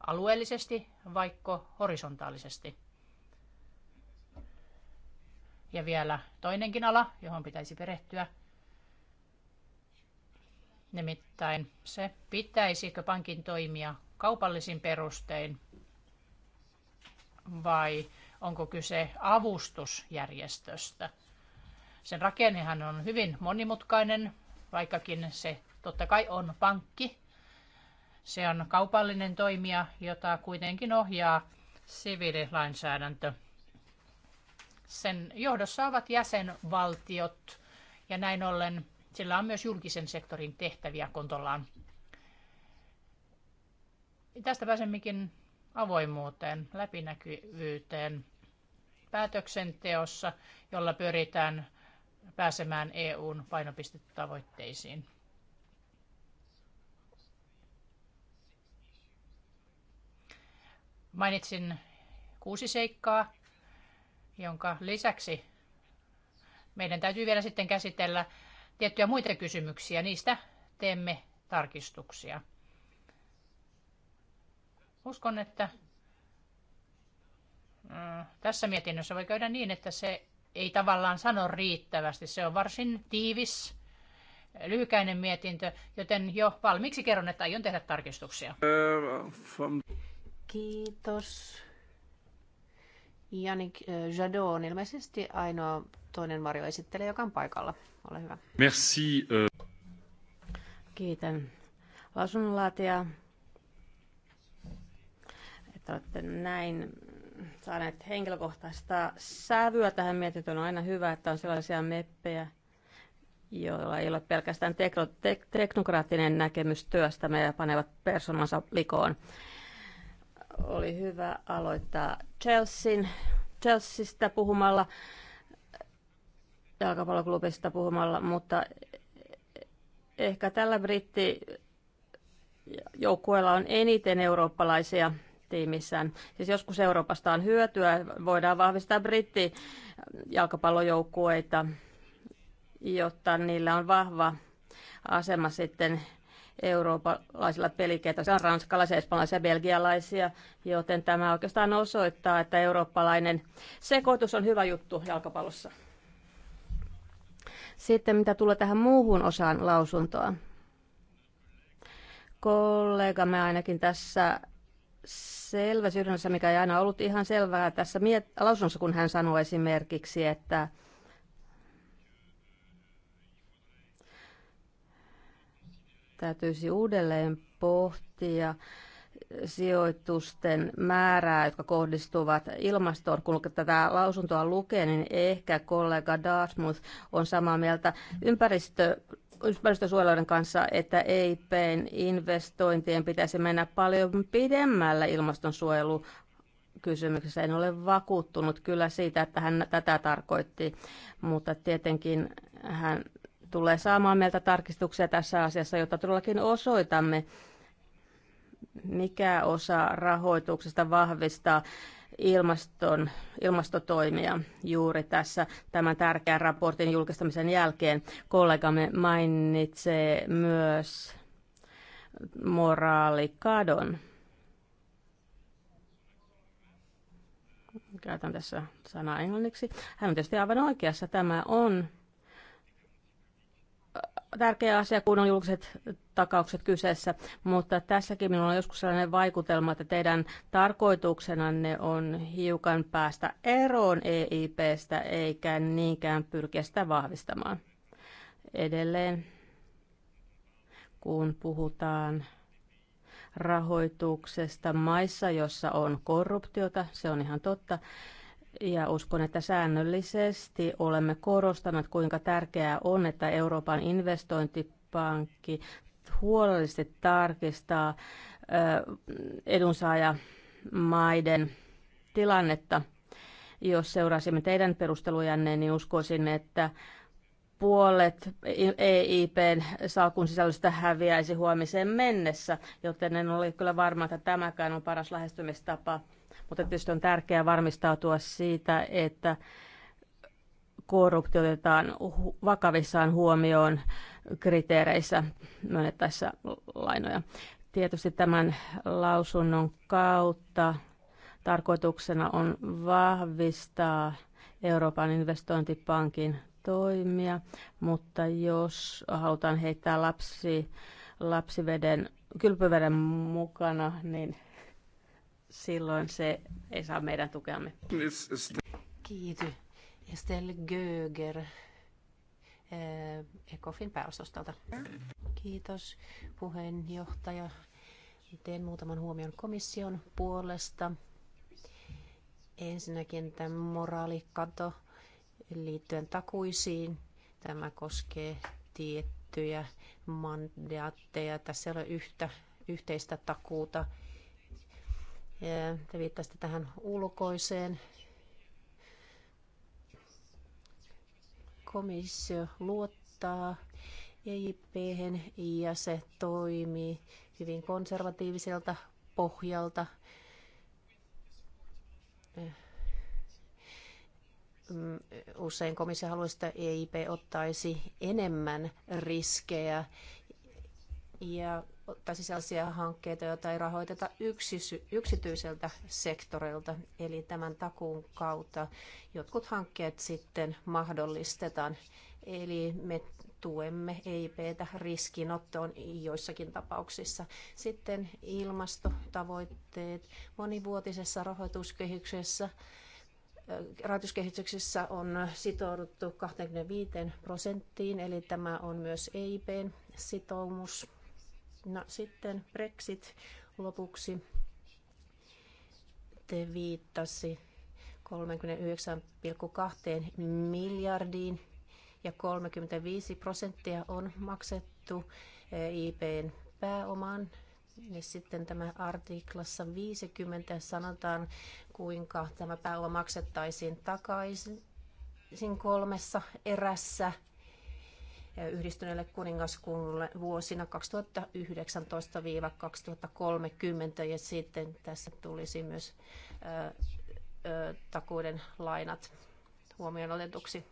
alueellisesti vaikka horisontaalisesti? Ja vielä toinenkin ala, johon pitäisi perehtyä. Nimittäin se, pitäisikö pankin toimia kaupallisin perustein vai onko kyse avustusjärjestöstä. Sen rakennehan on hyvin monimutkainen, vaikkakin se totta kai on pankki. Se on kaupallinen toimija, jota kuitenkin ohjaa siviililainsäädäntö. Sen johdossa ovat jäsenvaltiot ja näin ollen sillä on myös julkisen sektorin tehtäviä kontollaan. Tästä pääsemmekin avoimuuteen, läpinäkyvyyteen päätöksenteossa, jolla pyritään pääsemään EUn painopistetavoitteisiin. Mainitsin kuusi seikkaa, jonka lisäksi meidän täytyy vielä sitten käsitellä tiettyjä muita kysymyksiä. Niistä teemme tarkistuksia. Uskon, että mm, tässä mietinnössä voi käydä niin, että se ei tavallaan sano riittävästi. Se on varsin tiivis, lyhykäinen mietintö, joten jo valmiiksi kerron, että aion tehdä tarkistuksia. Kiitos. Janik eh, Jadot on ilmeisesti ainoa toinen Mario esittelee, joka on paikalla. Ole hyvä. Merci. Eh. Kiitän lausunnonlaatijaa että olette näin saaneet henkilökohtaista sävyä tähän mietintöön. On aina hyvä, että on sellaisia meppejä, joilla ei ole pelkästään tekno- tek, teknokraattinen näkemys työstä, ja panevat persoonansa likoon. Oli hyvä aloittaa Chelsean, Chelseasta puhumalla, jalkapalloklubista puhumalla, mutta ehkä tällä britti joukkueella on eniten eurooppalaisia tiimissään. Siis joskus Euroopasta on hyötyä, voidaan vahvistaa britti jalkapallojoukkueita, jotta niillä on vahva asema sitten eurooppalaisilla pelikentillä. on ranskalaisia, espanjalaisia ja belgialaisia, joten tämä oikeastaan osoittaa, että eurooppalainen sekoitus on hyvä juttu jalkapallossa. Sitten mitä tulee tähän muuhun osaan lausuntoa. Kollegamme ainakin tässä selväisyydensä, mikä ei aina ollut ihan selvää tässä miet- lausunnossa, kun hän sanoi esimerkiksi, että täytyisi uudelleen pohtia sijoitusten määrää, jotka kohdistuvat ilmastoon. Kun tätä lausuntoa lukee, niin ehkä kollega Dartmouth on samaa mieltä. Ympäristö ympäristösuojelujen kanssa, että EIPn investointien pitäisi mennä paljon pidemmällä ilmastonsuojelu kysymyksessä. En ole vakuuttunut kyllä siitä, että hän tätä tarkoitti, mutta tietenkin hän tulee saamaan meiltä tarkistuksia tässä asiassa, jotta todellakin osoitamme, mikä osa rahoituksesta vahvistaa ilmaston, ilmastotoimia juuri tässä tämän tärkeän raportin julkistamisen jälkeen. Kollegamme mainitsee myös moraalikadon. Käytän tässä sanaa englanniksi. Hän on tietysti aivan oikeassa. Tämä on tärkeä asia, kun on julkiset takaukset kyseessä, mutta tässäkin minulla on joskus sellainen vaikutelma, että teidän tarkoituksenanne on hiukan päästä eroon EIPstä eikä niinkään pyrkiä sitä vahvistamaan. Edelleen, kun puhutaan rahoituksesta maissa, jossa on korruptiota, se on ihan totta, ja uskon, että säännöllisesti olemme korostaneet, kuinka tärkeää on, että Euroopan investointipankki huolellisesti tarkistaa edunsaajamaiden tilannetta. Jos seurasimme teidän perustelujanne, niin uskoisin, että puolet EIPn salkun sisällöstä häviäisi huomiseen mennessä, joten en ole kyllä varma, että tämäkään on paras lähestymistapa mutta tietysti on tärkeää varmistautua siitä, että korruptio otetaan vakavissaan huomioon kriteereissä myönnettäessä lainoja. Tietysti tämän lausunnon kautta tarkoituksena on vahvistaa Euroopan investointipankin toimia, mutta jos halutaan heittää lapsi, lapsiveden, kylpyveden mukana, niin silloin se ei saa meidän tukeamme. Kiitos. Estelle Göger, eh, ECOFin pääosastolta. Kiitos puheenjohtaja. Teen muutaman huomion komission puolesta. Ensinnäkin tämä moraalikato liittyen takuisiin. Tämä koskee tiettyjä mandaatteja. Tässä ei ole yhtä yhteistä takuuta Eh, te viittasitte tähän ulkoiseen. Komissio luottaa eip ja se toimii hyvin konservatiiviselta pohjalta. Eh, mm, usein komissio haluaisi, että EIP ottaisi enemmän riskejä ja ottaisi siis sellaisia hankkeita, joita ei rahoiteta yksisy, yksityiseltä sektorilta, eli tämän takuun kautta jotkut hankkeet sitten mahdollistetaan. Eli me tuemme EIPtä riskinottoon joissakin tapauksissa. Sitten ilmastotavoitteet monivuotisessa rahoituskehyksessä rahoituskehityksessä on sitouduttu 25 prosenttiin, eli tämä on myös EIPn sitoumus. No sitten Brexit lopuksi. Te viittasi 39,2 miljardiin ja 35 prosenttia on maksettu eh, IPn pääomaan. Ja sitten tämä artiklassa 50 sanotaan, kuinka tämä pääoma maksettaisiin takaisin kolmessa erässä yhdistyneelle kuningaskunnalle vuosina 2019-2030 ja sitten tässä tulisi myös takuuden lainat huomioon otetuksi.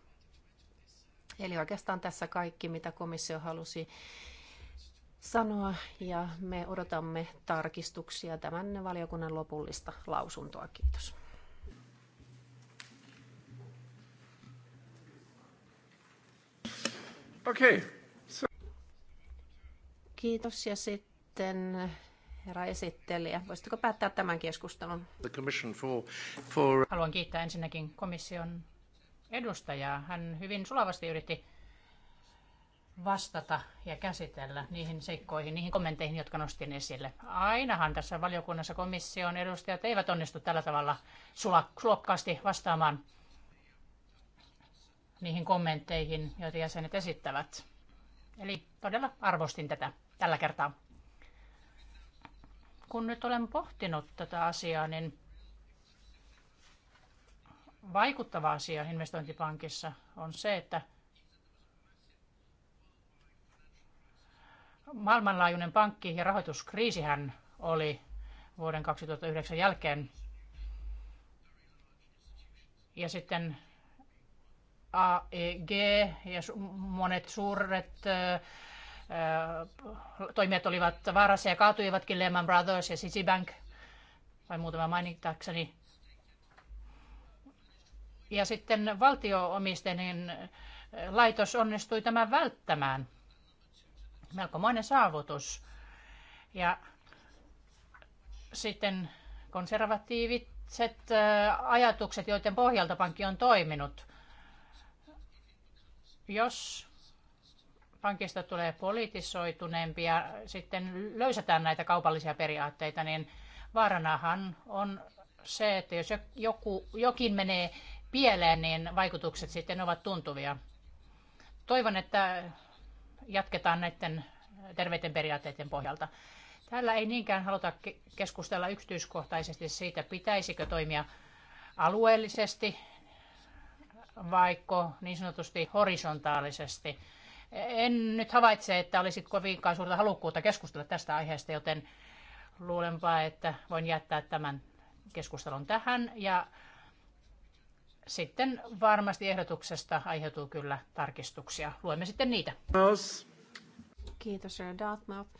Eli oikeastaan tässä kaikki, mitä komissio halusi sanoa ja me odotamme tarkistuksia tämän valiokunnan lopullista lausuntoa. Kiitos. Okay. So. Kiitos ja sitten herra esittelijä. Voisitteko päättää tämän keskustelun? The commission for, for... Haluan kiittää ensinnäkin komission edustajaa. Hän hyvin sulavasti yritti vastata ja käsitellä niihin seikkoihin, niihin kommentteihin, jotka nostin esille. Ainahan tässä valiokunnassa komission edustajat eivät onnistu tällä tavalla sulokkaasti vastaamaan niihin kommentteihin, joita jäsenet esittävät. Eli todella arvostin tätä tällä kertaa. Kun nyt olen pohtinut tätä asiaa, niin vaikuttava asia investointipankissa on se, että maailmanlaajuinen pankki- ja rahoituskriisihän oli vuoden 2009 jälkeen. Ja sitten AEG ja monet suuret toimijat olivat vaarassa ja kaatuivatkin Lehman Brothers ja Citibank, vai muutama mainitakseni. Ja sitten valtioomisteinen laitos onnistui tämän välttämään. Melkomoinen saavutus. Ja sitten konservatiiviset ajatukset, joiden pohjalta pankki on toiminut – jos pankista tulee politisoituneempi ja sitten löysätään näitä kaupallisia periaatteita, niin vaaranahan on se, että jos joku, jokin menee pieleen, niin vaikutukset sitten ovat tuntuvia. Toivon, että jatketaan näiden terveiden periaatteiden pohjalta. Täällä ei niinkään haluta keskustella yksityiskohtaisesti siitä, pitäisikö toimia alueellisesti vaikka niin sanotusti horisontaalisesti. En nyt havaitse, että olisi kovinkaan suurta halukkuutta keskustella tästä aiheesta, joten luulenpa, että voin jättää tämän keskustelun tähän. Ja sitten varmasti ehdotuksesta aiheutuu kyllä tarkistuksia. Luemme sitten niitä. Kiitos. Dartmouth.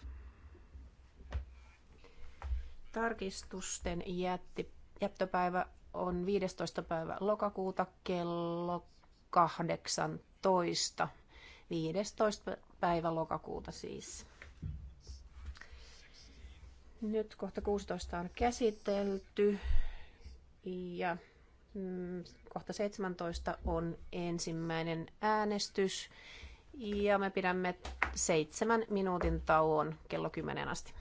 Tarkistusten jätti, jättöpäivä on 15. päivä lokakuuta kello 18. 15. päivä lokakuuta siis. Nyt kohta 16 on käsitelty ja mm, kohta 17 on ensimmäinen äänestys ja me pidämme seitsemän minuutin tauon kello 10 asti.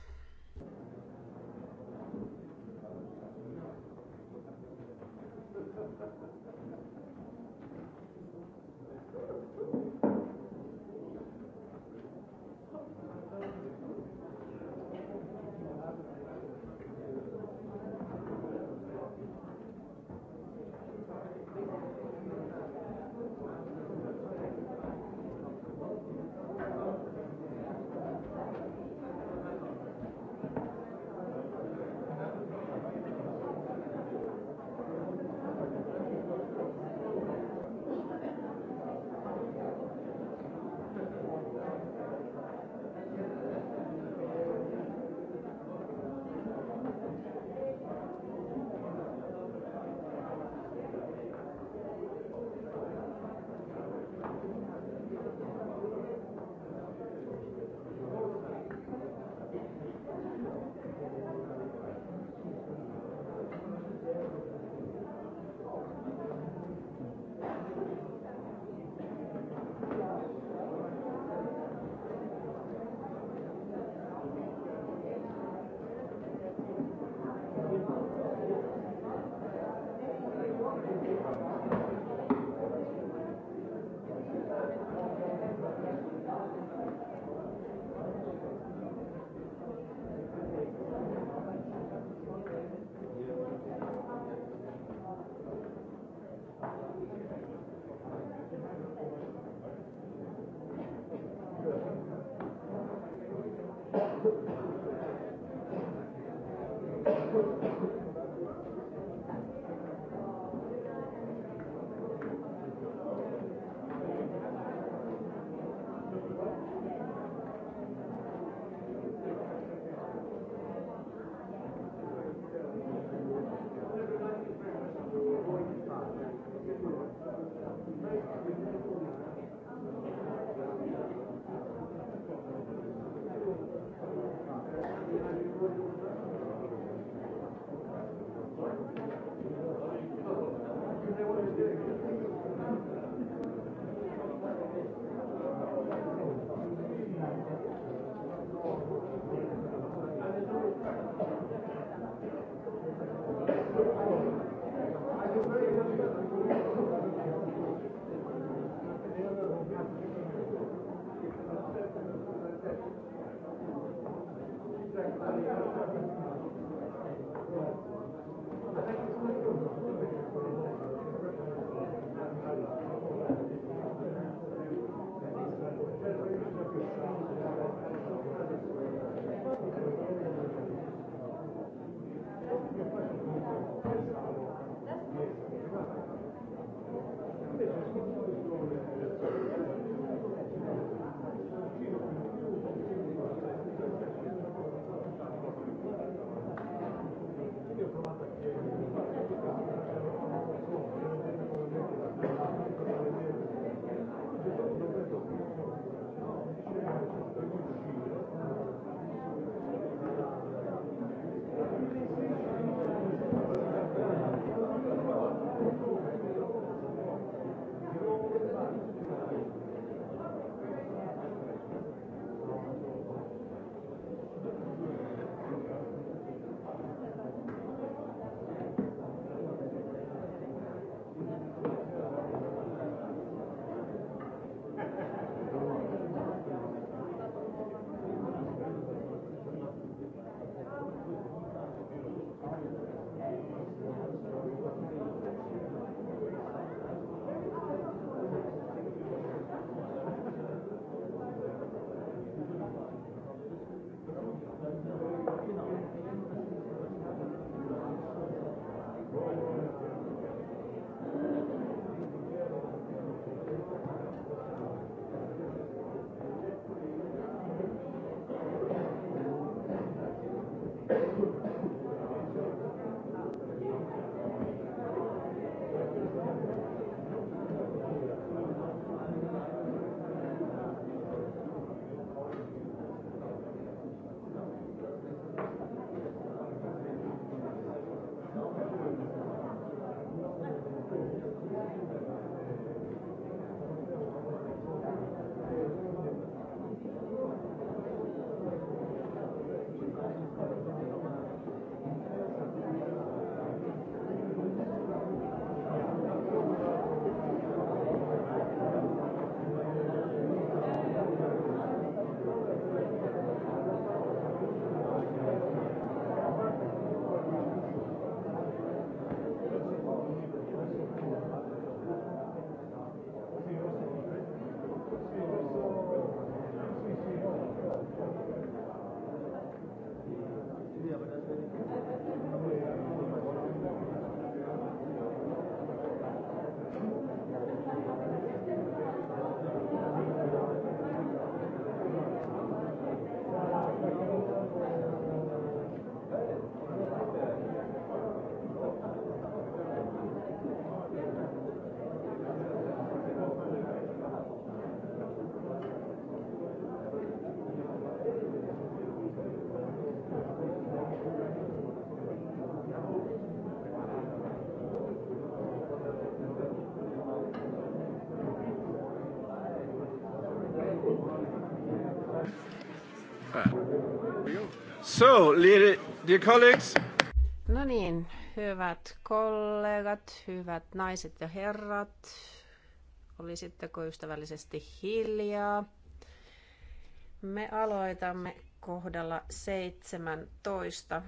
So, dear colleagues. No niin, hyvät kollegat, hyvät naiset ja herrat. Olisitteko ystävällisesti hiljaa? Me aloitamme kohdalla 17.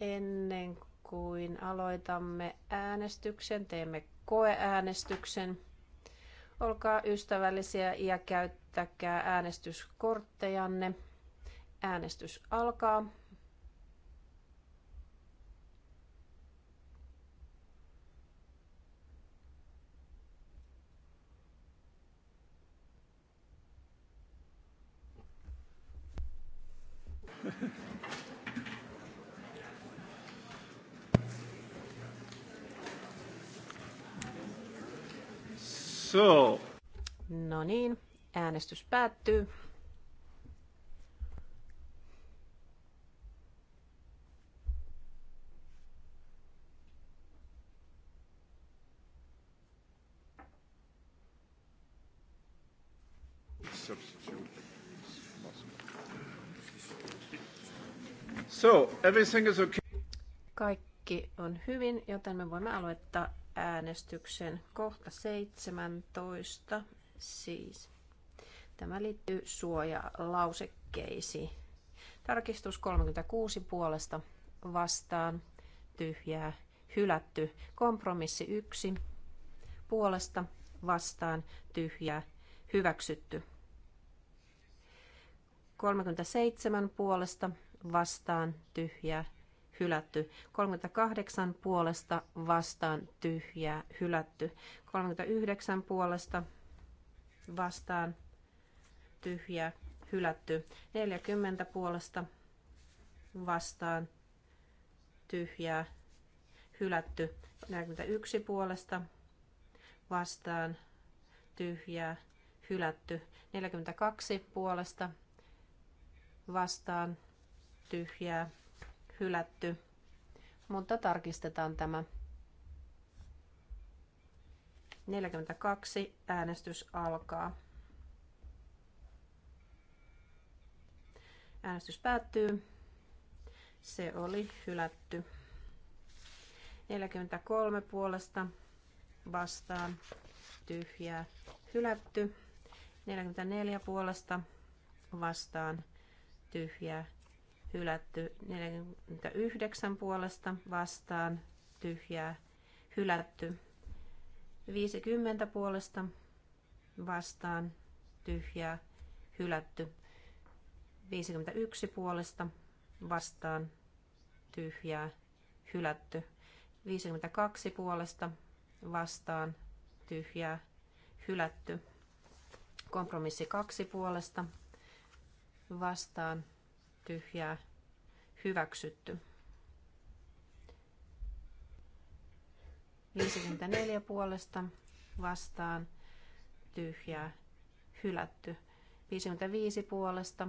Ennen kuin aloitamme äänestyksen, teemme koeäänestyksen. Olkaa ystävällisiä ja käyttäkää äänestyskorttejanne. Äänestys alkaa. So. No niin, äänestys päättyy. So, everything is okay. Kaikki on hyvin, joten me voimme aloittaa äänestyksen kohta 17 siis. Tämä liittyy suojalausekkeisiin. Tarkistus 36 puolesta vastaan tyhjää hylätty. Kompromissi 1 puolesta vastaan tyhjää hyväksytty. 37 puolesta vastaan tyhjä hylätty. 38 puolesta vastaan tyhjä hylätty. 39 puolesta vastaan tyhjä hylätty. 40 puolesta vastaan tyhjä hylätty. 41 puolesta vastaan tyhjä hylätty. 42 puolesta vastaan, tyhjää, hylätty. 42 puolesta vastaan tyhjää hylätty, mutta tarkistetaan tämä. 42 äänestys alkaa. Äänestys päättyy. Se oli hylätty. 43 puolesta vastaan tyhjää hylätty. 44 puolesta vastaan tyhjää hylätty 49 puolesta vastaan tyhjää hylätty 50 puolesta vastaan tyhjää hylätty 51 puolesta vastaan tyhjää hylätty 52 puolesta vastaan tyhjää hylätty kompromissi 2 puolesta vastaan tyhjää hyväksytty. 54 puolesta vastaan tyhjää hylätty. 55 puolesta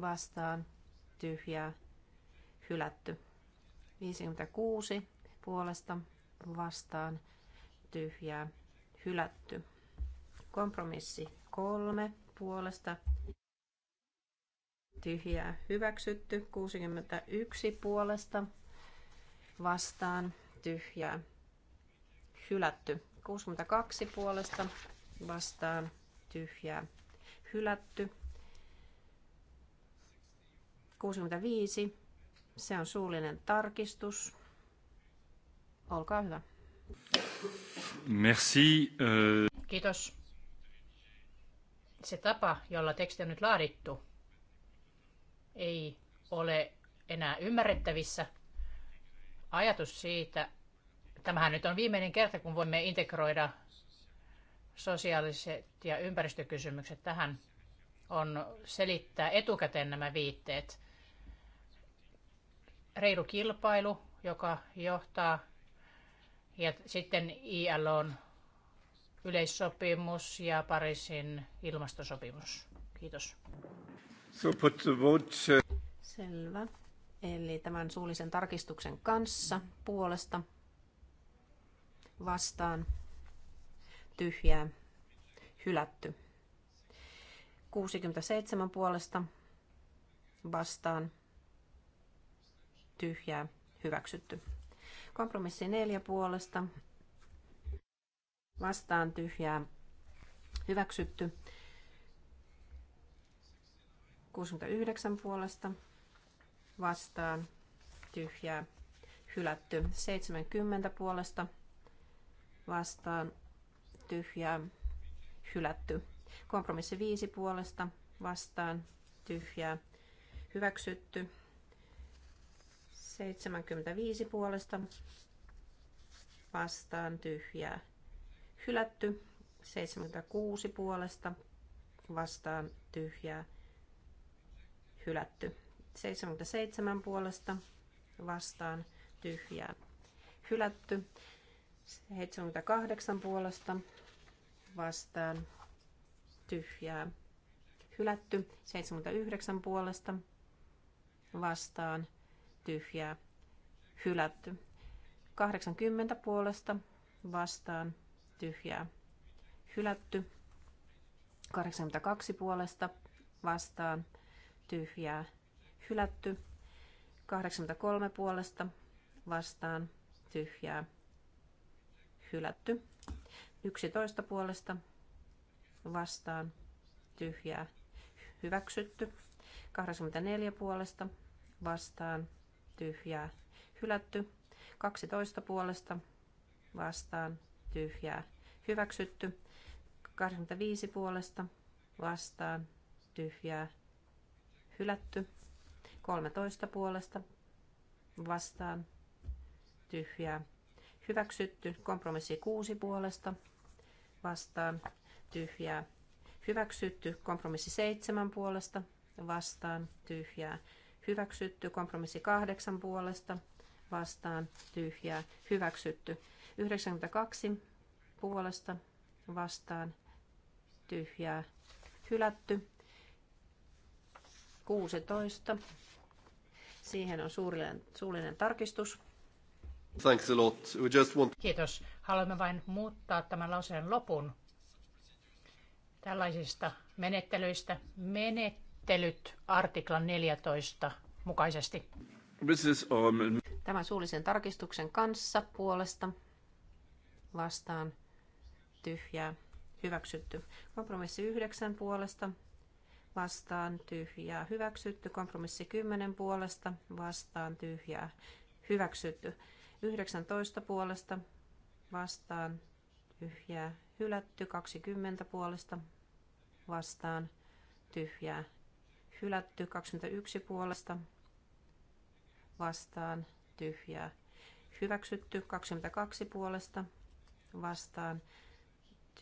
vastaan tyhjää hylätty. 56 puolesta vastaan tyhjää hylätty. Kompromissi 3 puolesta tyhjää hyväksytty. 61 puolesta vastaan tyhjää hylätty. 62 puolesta vastaan tyhjää hylätty. 65. Se on suullinen tarkistus. Olkaa hyvä. Merci. Äh. Kiitos. Se tapa, jolla teksti on nyt laadittu, ei ole enää ymmärrettävissä. Ajatus siitä, tämähän nyt on viimeinen kerta, kun voimme integroida sosiaaliset ja ympäristökysymykset tähän, on selittää etukäteen nämä viitteet. Reilu kilpailu, joka johtaa, ja sitten ILOn yleissopimus ja Pariisin ilmastosopimus. Kiitos. So put the vote. Uh, Selvä. Eli tämän suullisen tarkistuksen kanssa puolesta vastaan tyhjää hylätty. 67 puolesta vastaan tyhjää hyväksytty. Kompromissi 4 puolesta vastaan tyhjää hyväksytty. 69 puolesta vastaan tyhjää hylätty. 70 puolesta vastaan tyhjää hylätty. Kompromissi 5 puolesta vastaan tyhjää hyväksytty. 75 puolesta vastaan tyhjää hylätty. 76 puolesta vastaan tyhjää hylätty. 77 puolesta vastaan tyhjää hylätty. 78 puolesta vastaan tyhjää hylätty. 79 puolesta vastaan tyhjää hylätty. 80 puolesta vastaan tyhjää hylätty. 82 puolesta vastaan tyhjää tyhjää hylätty. 83 puolesta vastaan tyhjää hylätty. 11 puolesta vastaan tyhjää hyväksytty. 84 puolesta vastaan tyhjää hylätty. 12 puolesta vastaan tyhjää hyväksytty. 85 puolesta vastaan tyhjää hylätty. 13 puolesta vastaan tyhjää hyväksytty. Kompromissi 6 puolesta vastaan tyhjää hyväksytty. Kompromissi 7 puolesta vastaan tyhjää hyväksytty. Kompromissi 8 puolesta vastaan tyhjää hyväksytty. 92 puolesta vastaan tyhjää hylätty. 16. Siihen on suurinen, suullinen tarkistus. Thanks a lot. We just want... Kiitos. Haluamme vain muuttaa tämän lauseen lopun tällaisista menettelyistä. Menettelyt artiklan 14 mukaisesti. Tämän suullisen tarkistuksen kanssa puolesta vastaan tyhjää hyväksytty. Kompromissi 9 puolesta vastaan tyhjää hyväksytty. Kompromissi 10 puolesta vastaan tyhjää hyväksytty. 19 puolesta vastaan tyhjää hylätty. 20 puolesta vastaan tyhjää hylätty. 21 puolesta vastaan tyhjää hyväksytty. 22 puolesta vastaan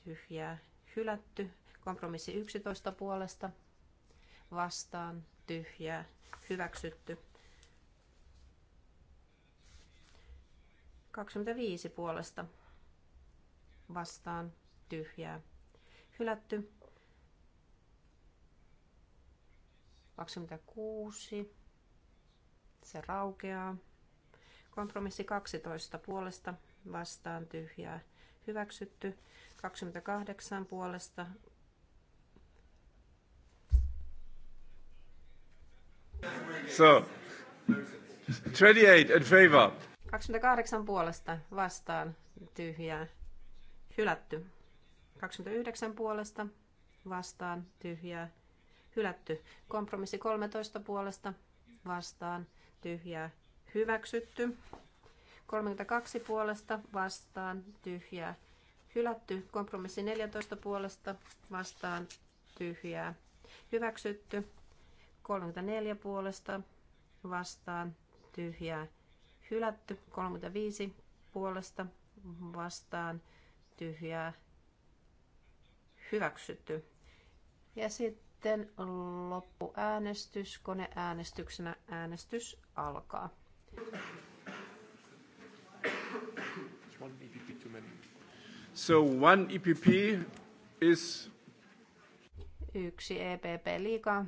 tyhjää hylätty. Kompromissi 11 puolesta vastaan tyhjää hyväksytty. 25 puolesta vastaan tyhjää hylätty. 26 se raukeaa. Kompromissi 12 puolesta vastaan tyhjää hyväksytty. 28 puolesta So, 28 in favor. 28 puolesta vastaan tyhjää. Hylätty. 29 puolesta vastaan tyhjää. Hylätty. Kompromissi 13 puolesta vastaan tyhjää. Hyväksytty. 32 puolesta vastaan tyhjää. Hylätty. Kompromissi 14 puolesta vastaan tyhjää. Hyväksytty. 34 puolesta vastaan tyhjää hylätty. 35 puolesta vastaan tyhjää hyväksytty. Ja sitten loppuäänestys, koneäänestyksenä äänestys alkaa. So one EPP is... Yksi EPP liikaa.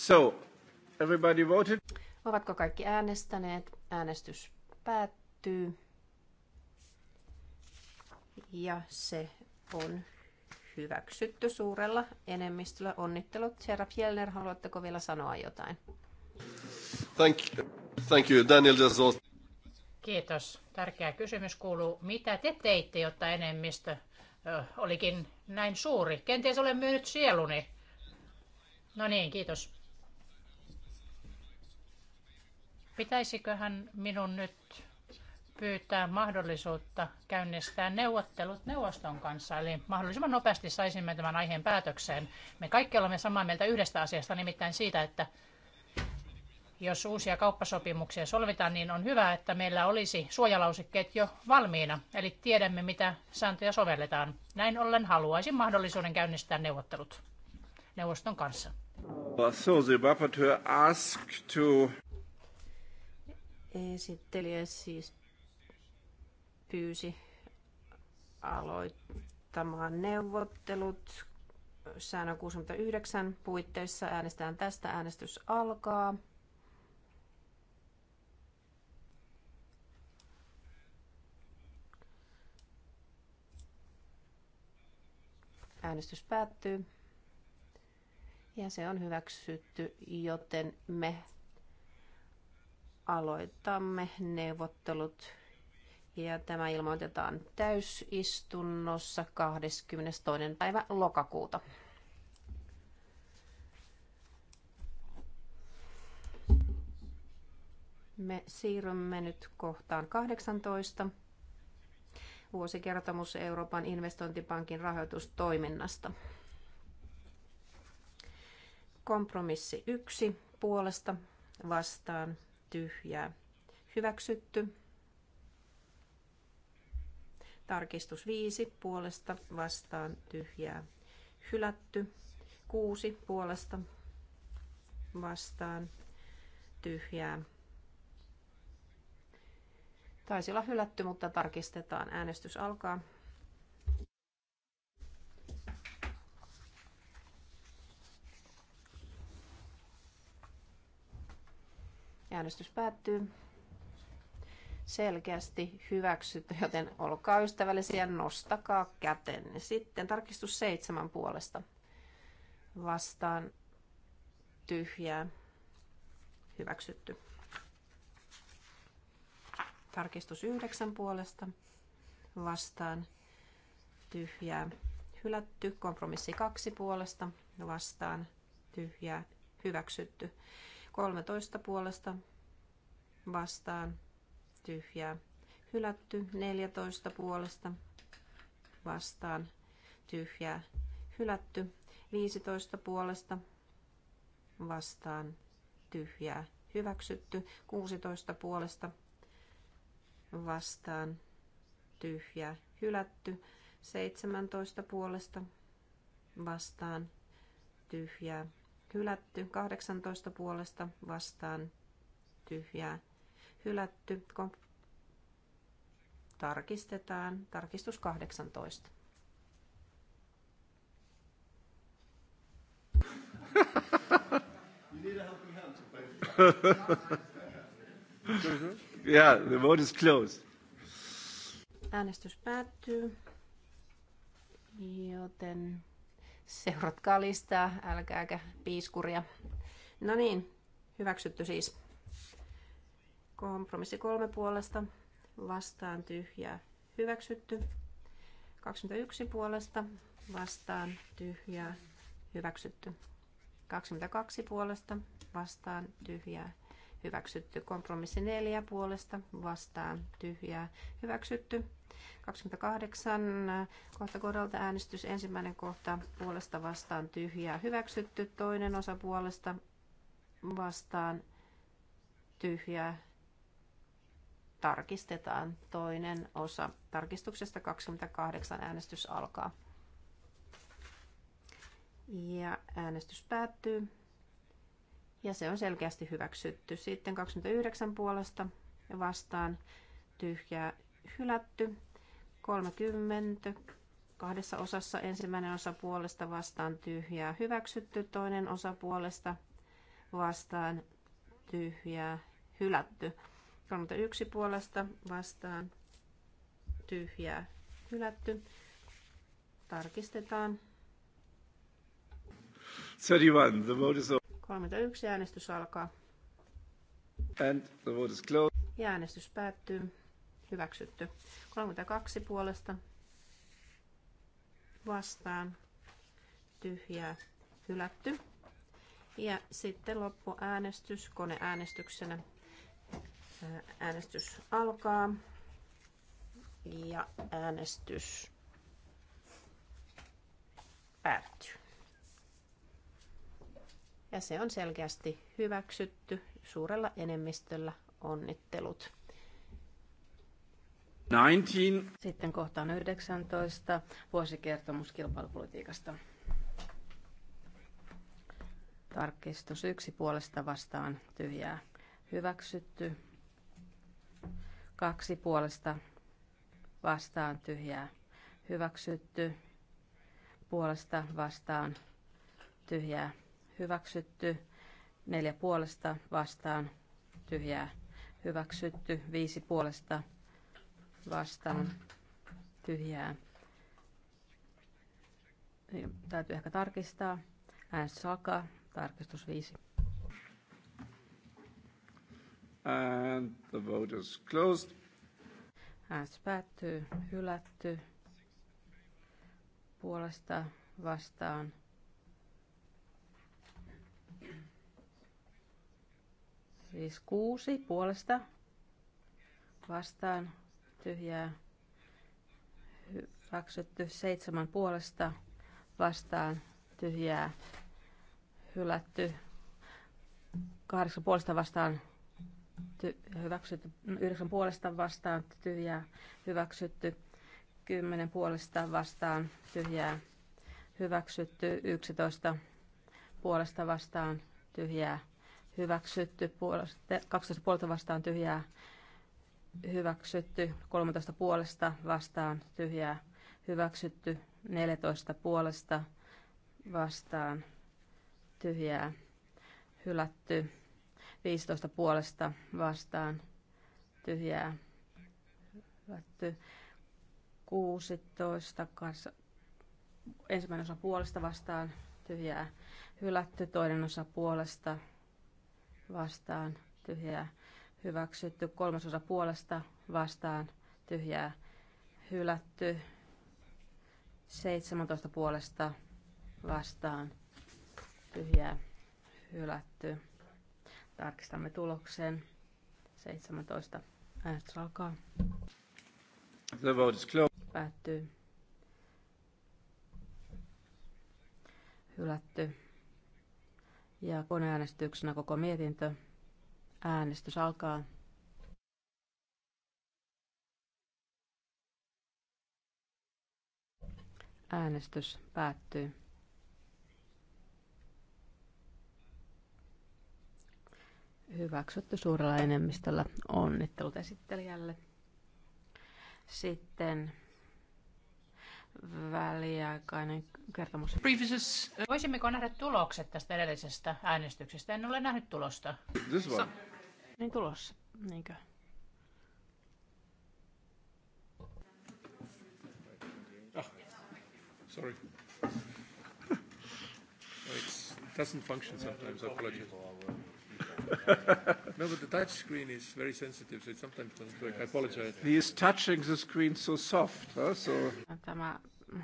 So, everybody voted. Ovatko kaikki äänestäneet? Äänestys päättyy. Ja se on hyväksytty suurella enemmistöllä. Onnittelut. Herra Fjellner, haluatteko vielä sanoa jotain? Thank you. Thank you. Daniel Jazzos. Kiitos. Tärkeä kysymys kuuluu, mitä te teitte, jotta enemmistö olikin näin suuri? Kenties olen myynyt sieluni. No niin, kiitos. Pitäisiköhän minun nyt pyytää mahdollisuutta käynnistää neuvottelut neuvoston kanssa, eli mahdollisimman nopeasti saisimme tämän aiheen päätökseen. Me kaikki olemme samaa mieltä yhdestä asiasta, nimittäin siitä, että jos uusia kauppasopimuksia solvitaan, niin on hyvä, että meillä olisi suojalausekkeet jo valmiina, eli tiedämme, mitä sääntöjä sovelletaan. Näin ollen haluaisin mahdollisuuden käynnistää neuvottelut neuvoston kanssa. So the rapporteur asked to Esittelijä siis pyysi aloittamaan neuvottelut säännön 69 puitteissa. Äänestetään tästä. Äänestys alkaa. Äänestys päättyy. Ja se on hyväksytty, joten me aloitamme neuvottelut ja tämä ilmoitetaan täysistunnossa 22. päivä lokakuuta. Me siirrymme nyt kohtaan 18. Vuosikertomus Euroopan investointipankin rahoitustoiminnasta. Kompromissi 1 puolesta vastaan tyhjää. Hyväksytty. Tarkistus 5 puolesta vastaan tyhjää. Hylätty. 6 puolesta vastaan tyhjää. Taisi olla hylätty, mutta tarkistetaan. Äänestys alkaa. Äänestys päättyy. Selkeästi hyväksytty, joten olkaa ystävällisiä, nostakaa kätenne. Sitten tarkistus seitsemän puolesta. Vastaan tyhjää. Hyväksytty. Tarkistus yhdeksän puolesta. Vastaan tyhjää. Hylätty. Kompromissi kaksi puolesta. Vastaan tyhjää. Hyväksytty. 13 puolesta vastaan tyhjää. Hylätty 14 puolesta vastaan tyhjää. Hylätty 15 puolesta vastaan tyhjää. Hyväksytty 16 puolesta vastaan tyhjää. Hylätty 17 puolesta vastaan tyhjää hylätty, 18 puolesta vastaan tyhjää, hylätty, Kom- tarkistetaan, tarkistus 18. yeah, the vote is closed. Äänestys päättyy, joten Seuratkaa listaa, älkääkä piiskuria. No niin, hyväksytty siis. Kompromissi kolme puolesta, vastaan tyhjää, hyväksytty. 21 puolesta, vastaan tyhjää, hyväksytty. 22 puolesta, vastaan tyhjää, hyväksytty. Kompromissi neljä puolesta, vastaan tyhjää, hyväksytty. 28 kohta kohdalta äänestys ensimmäinen kohta puolesta vastaan tyhjää hyväksytty, toinen osa puolesta vastaan tyhjää tarkistetaan toinen osa. Tarkistuksesta 28 äänestys alkaa. Ja äänestys päättyy. Ja se on selkeästi hyväksytty. Sitten 29 puolesta vastaan tyhjää hylätty. 30 kahdessa osassa. Ensimmäinen osa puolesta vastaan tyhjää hyväksytty, toinen osa puolesta vastaan tyhjää hylätty. 31 puolesta vastaan tyhjää hylätty. Tarkistetaan. 31. The vote is 31 äänestys alkaa. And the vote is closed. Ja äänestys päättyy hyväksytty. 32 puolesta vastaan tyhjää hylätty. Ja sitten loppuäänestys koneäänestyksenä. Äänestys alkaa ja äänestys päättyy. Ja se on selkeästi hyväksytty suurella enemmistöllä. Onnittelut. 19. Sitten kohtaan 19, vuosikertomus kilpailupolitiikasta. Tarkistus yksi puolesta vastaan tyhjää hyväksytty. Kaksi puolesta vastaan tyhjää hyväksytty. Puolesta vastaan tyhjää hyväksytty. Neljä puolesta vastaan tyhjää hyväksytty. Viisi puolesta vastaan vastaan tyhjää. Niin, täytyy ehkä tarkistaa. Äänestys alkaa. Tarkistus 5. And the vote is closed. Äänestys päättyy. Hylätty. Puolesta vastaan. Siis kuusi puolesta vastaan tyhjää hyväksytty seitsemän puolesta vastaan tyhjää hylätty kahdeksan puolesta vastaan ty- hyväksytty yhdeksän puolesta vastaan tyhjää hyväksytty kymmenen puolesta vastaan tyhjää hyväksytty yksitoista puolesta vastaan tyhjää hyväksytty puolesta, 12 puolta vastaan tyhjää hyväksytty, 13 puolesta vastaan tyhjää hyväksytty, 14 puolesta vastaan tyhjää hylätty, 15 puolesta vastaan tyhjää hylätty, 16 kanssa, ensimmäinen osa puolesta vastaan tyhjää hylätty, toinen osa puolesta vastaan tyhjää hyväksytty, kolmasosa puolesta vastaan tyhjää hylätty, 17 puolesta vastaan tyhjää hylätty. Tarkistamme tuloksen. 17. Äänestys alkaa. The vote is closed. Päättyy. Hylätty. Ja koneäänestyksenä koko mietintö. Äänestys alkaa. Äänestys päättyy. Hyväksytty suurella enemmistöllä. Onnittelut esittelijälle. Sitten väliaikainen kertomus. Uh, Voisimmeko nähdä tulokset tästä edellisestä äänestyksestä? En ole nähnyt tulosta. This one. Niin tulossa, niinkö? Ah, sorry. It doesn't function sometimes, I apologize. no, but the touch screen is very sensitive, so it sometimes doesn't work. I apologize. He is touching the screen so soft, huh? so... Tämä on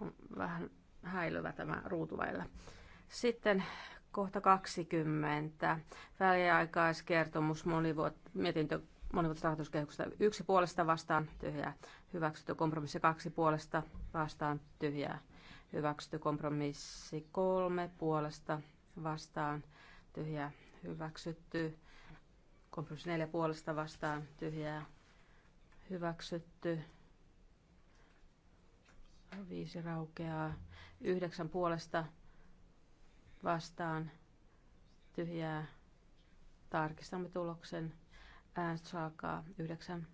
mm, vähän häilyvä tämä ruutuväillä. Sitten Kohta 20. Väliaikaiskertomus monivuot, mietintö monivuotisesta rahoituskehyksestä yksi puolesta vastaan tyhjää. Hyväksytty kompromissi kaksi puolesta vastaan tyhjää. Hyväksytty kompromissi kolme puolesta vastaan tyhjää. Hyväksytty kompromissi neljä puolesta vastaan tyhjää. Hyväksytty viisi raukeaa. Yhdeksän puolesta vastaan tyhjää. Tarkistamme tuloksen. Äänestys alkaa 9.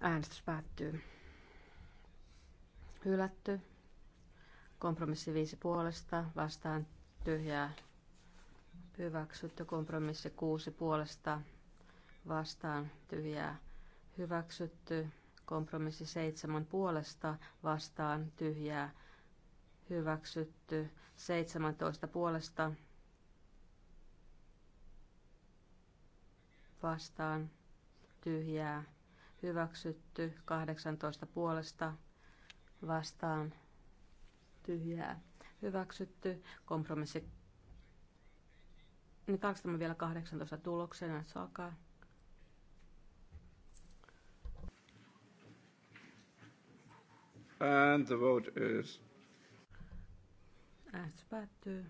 Äänestys päättyy. Hylätty. Kompromissi 5 puolesta vastaan tyhjää. Hyväksytty kompromissi 6 puolesta vastaan tyhjää hyväksytty. Kompromissi seitsemän puolesta vastaan tyhjää hyväksytty. 17 puolesta vastaan tyhjää hyväksytty. 18 puolesta vastaan tyhjää hyväksytty. Kompromissi niin tarkistamme vielä 18 tuloksena, että se alkaa. And the vote is... Äänestys päättyy.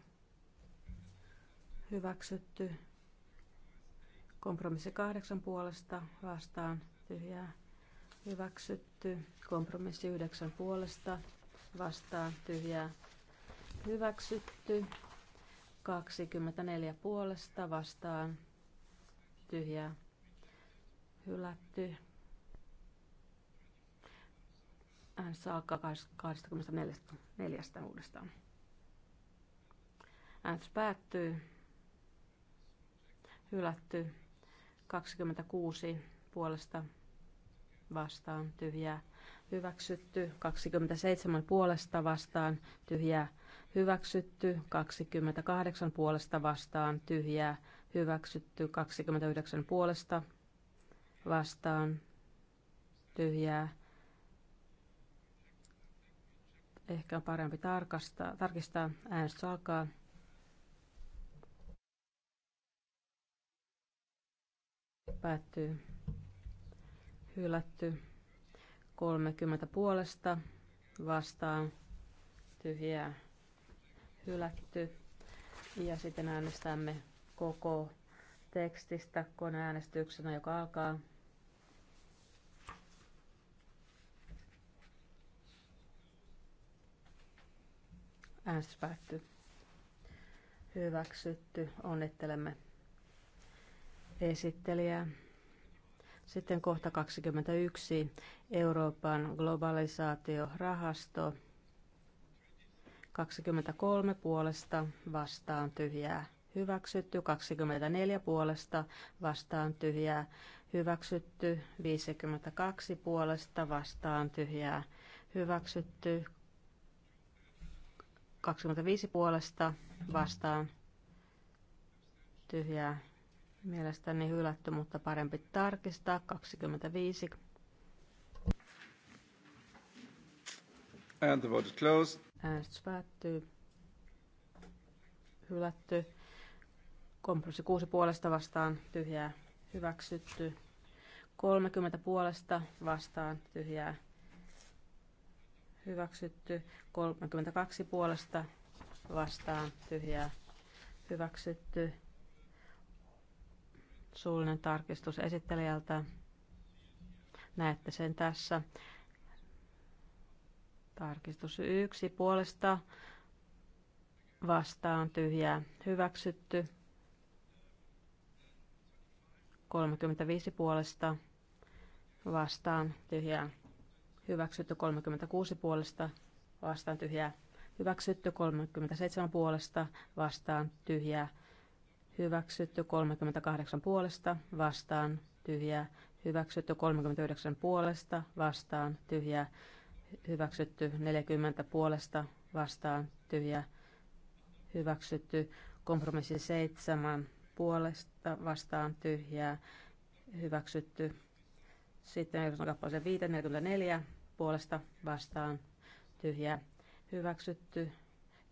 Hyväksytty. Kompromissi kahdeksan puolesta vastaan tyhjää. Hyväksytty. Kompromissi yhdeksän puolesta vastaan tyhjää. Hyväksytty. 24 puolesta vastaan tyhjää. Hylätty. hän äh, saa 24. uudestaan. Äänestys päättyy. Hylätty. 26 puolesta vastaan tyhjää. Hyväksytty. 27 puolesta vastaan tyhjää. Hyväksytty. 28 puolesta vastaan tyhjää. Hyväksytty. 29 puolesta vastaan tyhjää Ehkä on parempi tarkastaa, tarkistaa. Äänestys alkaa. Päättyy. Hylätty. 30 puolesta vastaan. Tyhjää. Hylätty. Ja sitten äänestämme koko tekstistä koneäänestyksenä, joka alkaa. Äänestys päättyy. Hyväksytty. Onnittelemme esittelijää. Sitten kohta 21. Euroopan globalisaatiorahasto. 23 puolesta vastaan tyhjää hyväksytty, 24 puolesta vastaan tyhjää hyväksytty, 52 puolesta vastaan tyhjää hyväksytty, 25 puolesta vastaan tyhjää mielestäni hylätty, mutta parempi tarkistaa. 25. And the vote is closed. Äänestys päättyy. Hylätty. Kompromissi 6 puolesta vastaan tyhjää hyväksytty. 30 puolesta vastaan tyhjää hyväksytty, 32 puolesta vastaan tyhjää hyväksytty. Suullinen tarkistus esittelijältä. Näette sen tässä. Tarkistus 1 puolesta vastaan tyhjää hyväksytty. 35 puolesta vastaan tyhjää hyväksytty 36 puolesta, vastaan tyhjää, hyväksytty 37 puolesta, vastaan tyhjää, hyväksytty 38 puolesta, vastaan tyhjää, hyväksytty 39 puolesta, vastaan tyhjää, hyväksytty 40 puolesta, vastaan tyhjää, hyväksytty kompromissi 7 puolesta, vastaan tyhjää, hyväksytty sitten ehdotus kappaleeseen 544 puolesta vastaan tyhjää hyväksytty.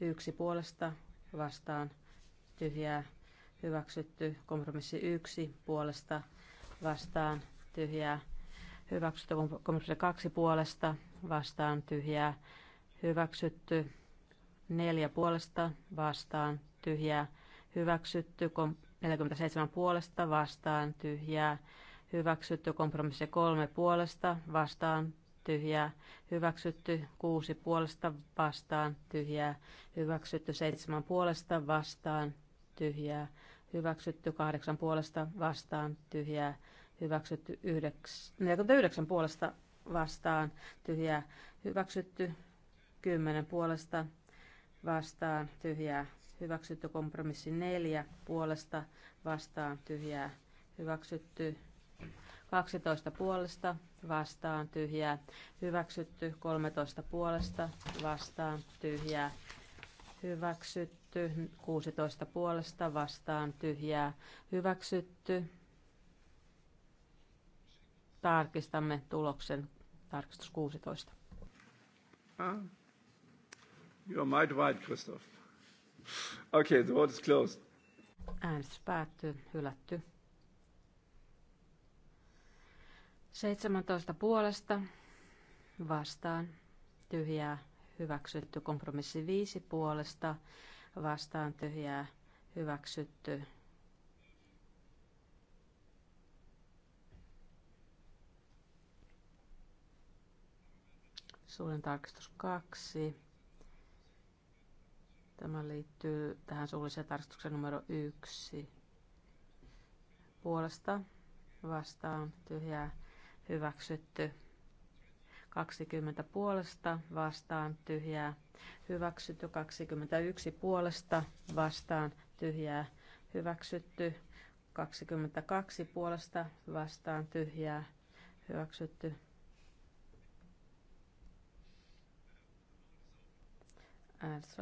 Yksi puolesta vastaan tyhjää hyväksytty. Kompromissi yksi puolesta vastaan tyhjää hyväksytty. Kompromissi kaksi puolesta vastaan tyhjää hyväksytty. Neljä puolesta vastaan tyhjää hyväksytty. 47 puolesta vastaan tyhjää Hyväksytty kompromissi kolme puolesta vastaan tyhjää. Hyväksytty kuusi puolesta vastaan tyhjää. Hyväksytty seitsemän puolesta vastaan tyhjää. Hyväksytty kahdeksan puolesta vastaan tyhjää. Hyväksytty 49 puolesta vastaan tyhjää. Hyväksytty kymmenen puolesta vastaan tyhjää. Hyväksytty kompromissi neljä puolesta vastaan tyhjää. Hyväksytty 12 puolesta vastaan tyhjää. Hyväksytty 13 puolesta vastaan tyhjää. Hyväksytty 16 puolesta vastaan tyhjää. Hyväksytty. Tarkistamme tuloksen. Tarkistus 16. Ah. You're might right, Christoph. Okay, the vote is closed. Äänestys päättyy. Hylätty. 17 puolesta vastaan tyhjää hyväksytty. Kompromissi 5 puolesta vastaan tyhjää hyväksytty. Suullinen tarkistus 2. Tämä liittyy tähän suulliseen tarkistukseen numero 1. Puolesta vastaan tyhjää hyväksytty. 20 puolesta vastaan tyhjää hyväksytty. 21 puolesta vastaan tyhjää hyväksytty. 22 puolesta vastaan tyhjää hyväksytty. Äänestys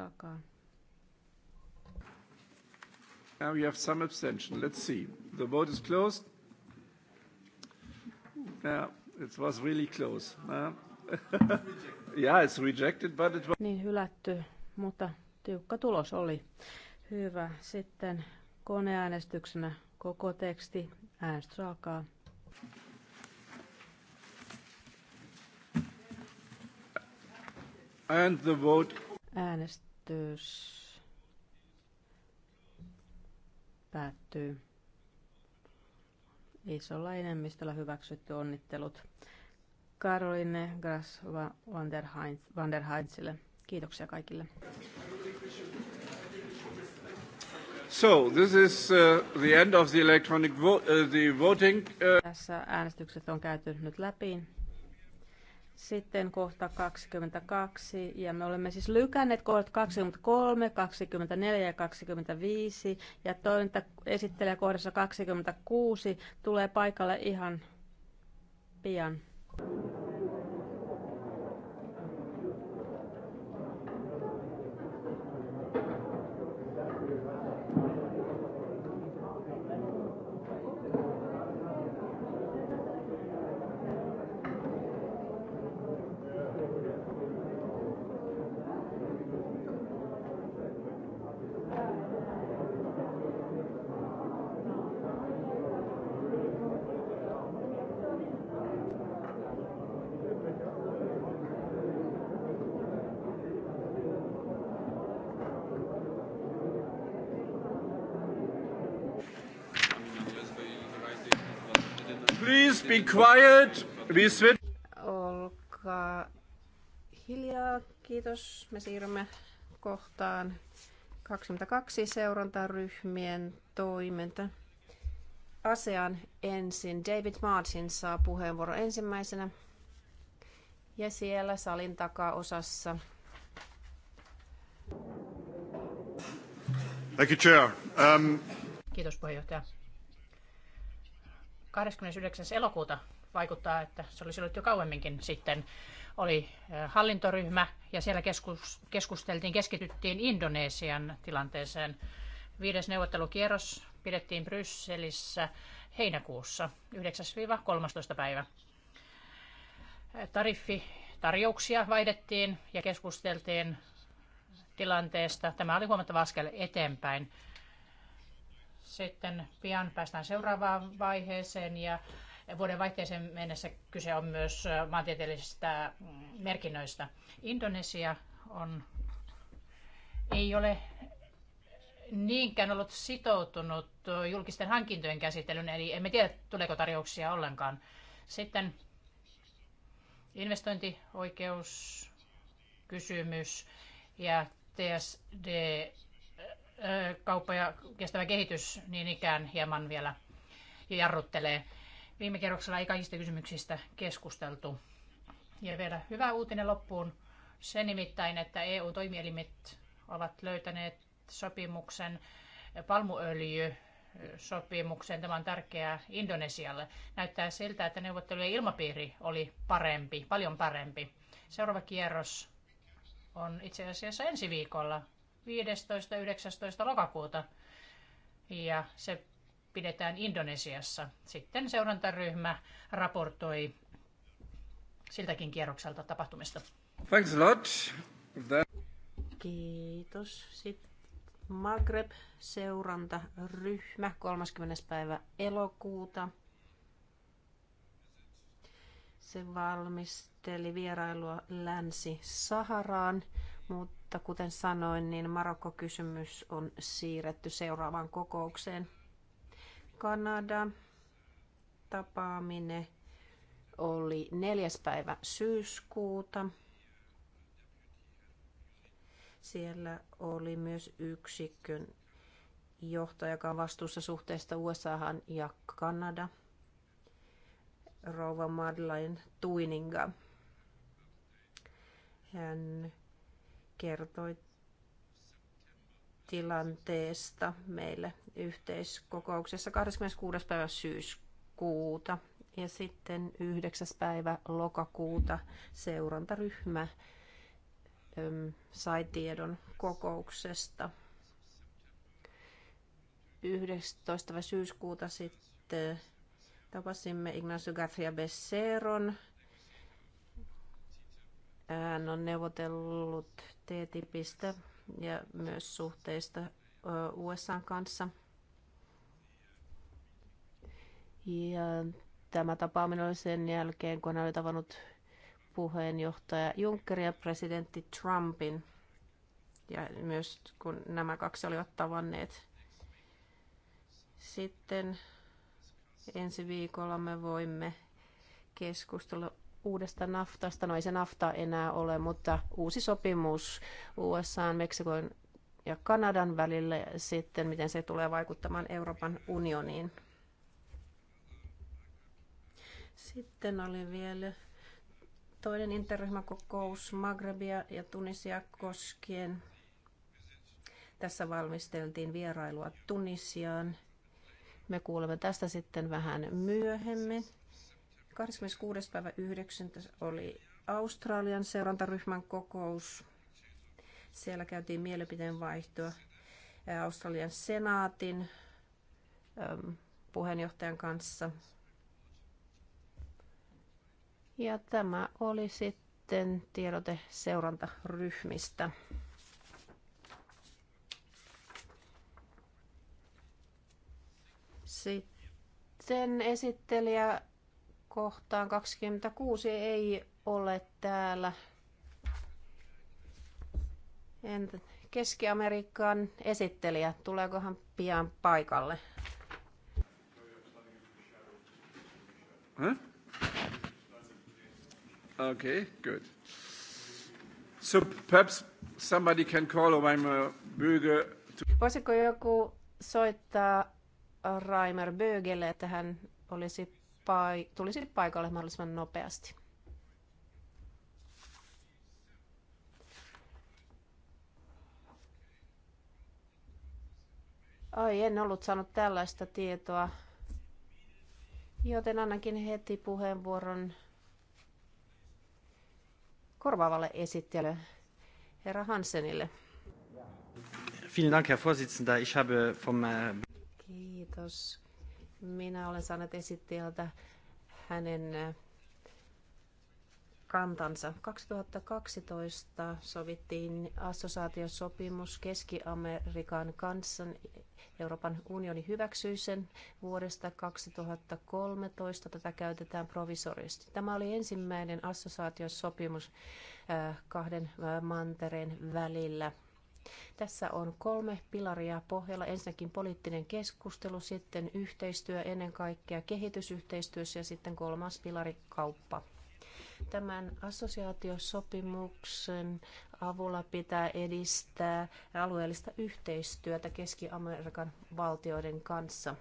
Now we have some abstention. Let's see. The vote is closed. Niin hylätty, mutta tiukka tulos oli. Hyvä. Sitten koneäänestyksenä koko teksti. Äänestys alkaa. And the vote. Äänestys päättyy isolla enemmistöllä hyväksytty onnittelut Karoline Gras van der, Heinz, van der Heinzille. Kiitoksia kaikille. So, this is uh, the end of the electronic vo- uh, the voting. Uh... Tässä äänestykset on käyty nyt läpi. Sitten kohta 22, ja me olemme siis lykänneet kohdat 23, 24 ja 25, ja tointa esittelee kohdassa 26, tulee paikalle ihan pian. be quiet. We switch. Olkaa hiljaa, kiitos. Me siirrymme kohtaan 22 seurantaryhmien toiminta. Asean ensin. David Martin saa puheenvuoro ensimmäisenä. Ja siellä salin takaosassa. Thank you, Chair. Um... Kiitos puheenjohtaja. 29. elokuuta vaikuttaa, että se olisi ollut jo kauemminkin sitten, oli hallintoryhmä ja siellä keskus, keskusteltiin, keskityttiin Indonesian tilanteeseen. Viides neuvottelukierros pidettiin Brysselissä heinäkuussa 9-13. päivä. Tariffi tarjouksia vaihdettiin ja keskusteltiin tilanteesta. Tämä oli huomattava askel eteenpäin. Sitten pian päästään seuraavaan vaiheeseen ja vuoden vaihteeseen mennessä kyse on myös maantieteellisistä mm, merkinnöistä. Indonesia on, ei ole niinkään ollut sitoutunut julkisten hankintojen käsittelyyn, eli emme tiedä tuleeko tarjouksia ollenkaan. Sitten investointioikeuskysymys ja TSD kauppa ja kestävä kehitys niin ikään hieman vielä jarruttelee. Viime kerroksella ei kaikista kysymyksistä keskusteltu. Ja vielä hyvä uutinen loppuun. Se nimittäin, että EU-toimielimet ovat löytäneet sopimuksen palmuöljy sopimukseen. Tämä on tärkeää Indonesialle. Näyttää siltä, että neuvottelujen ilmapiiri oli parempi, paljon parempi. Seuraava kierros on itse asiassa ensi viikolla 15.–19. lokakuuta ja se pidetään Indonesiassa. Sitten seurantaryhmä raportoi siltäkin kierrokselta tapahtumista. Thanks a lot. That... Kiitos. Sitten Maghreb-seurantaryhmä 30. päivä elokuuta. Se valmisteli vierailua Länsi-Saharaan mutta kuten sanoin, niin Marokko-kysymys on siirretty seuraavaan kokoukseen. Kanada tapaaminen oli neljäs päivä syyskuuta. Siellä oli myös yksikön johtaja, joka on vastuussa suhteesta USA ja Kanada, rouva Madeline Tuininga. Hän kertoi tilanteesta meille yhteiskokouksessa 26. päivä syyskuuta ja sitten 9. päivä lokakuuta seurantaryhmä äm, sai tiedon kokouksesta. 11. syyskuuta sitten tapasimme Ignacio García Becerron. Hän on neuvotellut TTIPistä ja myös suhteista USAn kanssa. Ja tämä tapaaminen oli sen jälkeen, kun hän oli tavannut puheenjohtaja Juncker ja presidentti Trumpin. Ja myös kun nämä kaksi olivat tavanneet. Sitten ensi viikolla me voimme keskustella uudesta naftasta. No ei se nafta enää ole, mutta uusi sopimus USA, Meksikon ja Kanadan välille sitten, miten se tulee vaikuttamaan Euroopan unioniin. Sitten oli vielä toinen interryhmäkokous Magrebia ja Tunisia koskien. Tässä valmisteltiin vierailua Tunisiaan. Me kuulemme tästä sitten vähän myöhemmin. 26. päivä 9. oli Australian seurantaryhmän kokous. Siellä käytiin mielipiteen vaihtoa Australian senaatin puheenjohtajan kanssa. Ja tämä oli sitten tiedote seurantaryhmistä. Sitten esittelijä kohtaan 26 ei ole täällä. Entä Keski-Amerikan esittelijä, tuleekohan pian paikalle? Huh? Okay, good. So perhaps somebody can call Reimer uh, Böge. To... Voisiko joku soittaa Reimer Bögelle, että hän olisi pai- tulisi paikalle mahdollisimman nopeasti. Ai, en ollut saanut tällaista tietoa, joten annankin heti puheenvuoron korvaavalle esittelylle, herra Hansenille. Vielen Dank, Herr Vorsitzender. Ich habe vom... Äh, Kiitos minä olen saanut esittäjältä hänen äh, kantansa. 2012 sovittiin assosiaatiosopimus Keski-Amerikan kanssa. Euroopan unioni hyväksyi sen vuodesta 2013. Tätä käytetään provisorisesti. Tämä oli ensimmäinen assosiaatiosopimus äh, kahden äh, mantereen välillä tässä on kolme pilaria pohjalla. Ensinnäkin poliittinen keskustelu, sitten yhteistyö ennen kaikkea kehitysyhteistyössä ja sitten kolmas pilari kauppa. Tämän assosiaatiosopimuksen avulla pitää edistää alueellista yhteistyötä Keski-Amerikan valtioiden kanssa.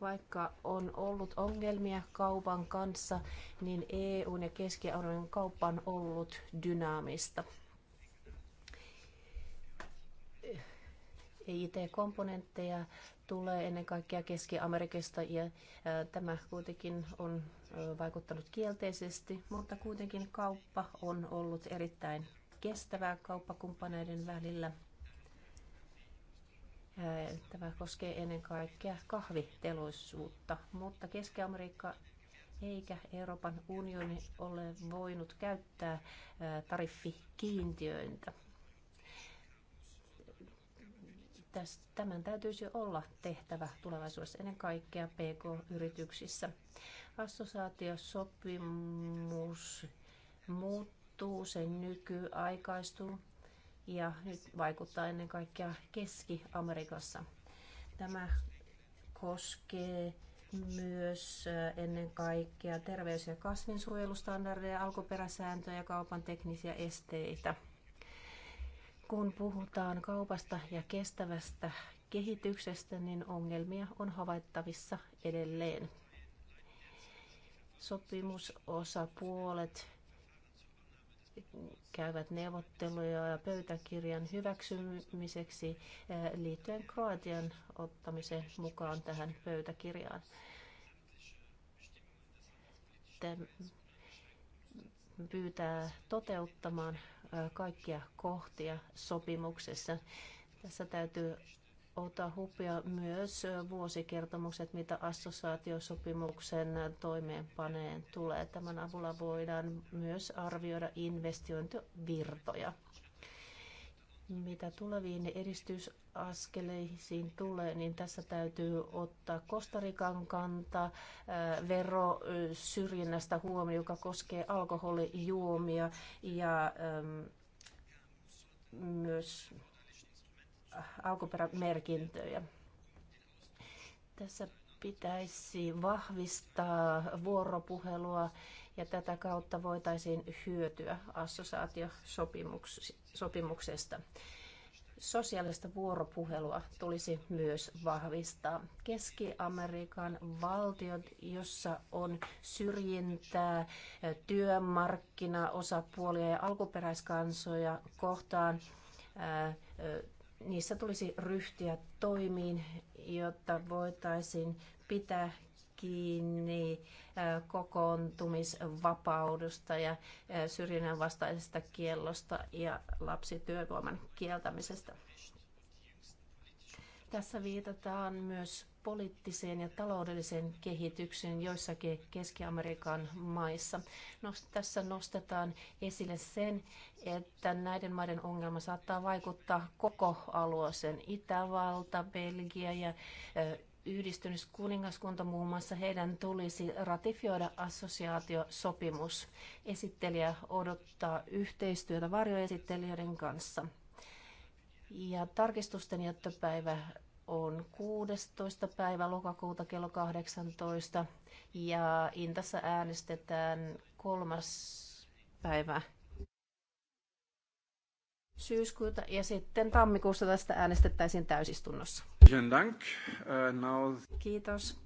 Vaikka on ollut ongelmia kaupan kanssa, niin EUn ja Keski-Amerikan kauppa on ollut dynaamista. IT-komponentteja tulee ennen kaikkea Keski-Amerikasta ja tämä kuitenkin on vaikuttanut kielteisesti, mutta kuitenkin kauppa on ollut erittäin kestävää kauppakumppaneiden välillä. Tämä koskee ennen kaikkea kahviteloisuutta, mutta Keski-Amerikka eikä Euroopan unioni ole voinut käyttää tariffikiintiöintä. Tämän täytyisi olla tehtävä tulevaisuudessa ennen kaikkea PK-yrityksissä. Assosaatiosopimus muuttuu, se nykyaikaistuu ja nyt vaikuttaa ennen kaikkea Keski-Amerikassa. Tämä koskee myös äh, ennen kaikkea terveys- ja kasvinsuojelustandardeja, alkuperäsääntöjä ja kaupan teknisiä esteitä. Kun puhutaan kaupasta ja kestävästä kehityksestä, niin ongelmia on havaittavissa edelleen. Sopimusosapuolet käyvät neuvotteluja ja pöytäkirjan hyväksymiseksi eh, liittyen Kroatian ottamiseen mukaan tähän pöytäkirjaan. Pyytää toteuttamaan kaikkia kohtia sopimuksessa. Tässä täytyy ottaa hupia myös vuosikertomukset, mitä assosiaatiosopimuksen toimeenpaneen tulee. Tämän avulla voidaan myös arvioida investointivirtoja. Mitä tuleviin edistysaskeleisiin tulee, niin tässä täytyy ottaa Kostarikan kanta vero syrjinnästä huomioon, joka koskee alkoholijuomia ja myös alkuperämerkintöjä. Tässä pitäisi vahvistaa vuoropuhelua ja tätä kautta voitaisiin hyötyä assosiaatiosopimuksesta. Sosiaalista vuoropuhelua tulisi myös vahvistaa. Keski-Amerikan valtiot, jossa on syrjintää työmarkkinaosapuolia ja alkuperäiskansoja kohtaan, niissä tulisi ryhtyä toimiin, jotta voitaisiin pitää kiinni kokoontumisvapaudusta ja syrjinnän vastaisesta kiellosta ja lapsityövoiman kieltämisestä. Tässä viitataan myös poliittiseen ja taloudelliseen kehitykseen joissakin Keski-Amerikan maissa. No, tässä nostetaan esille sen, että näiden maiden ongelma saattaa vaikuttaa koko alueeseen. Itävalta, Belgia ja yhdistynyt kuningaskunta muun muassa, heidän tulisi ratifioida assosiaatiosopimus. Esittelijä odottaa yhteistyötä varjoesittelijöiden kanssa. Ja tarkistusten jättöpäivä on 16. päivä lokakuuta kello 18 ja Intassa äänestetään kolmas päivä syyskuuta ja sitten tammikuussa tästä äänestettäisiin täysistunnossa. Äh, Kiitos.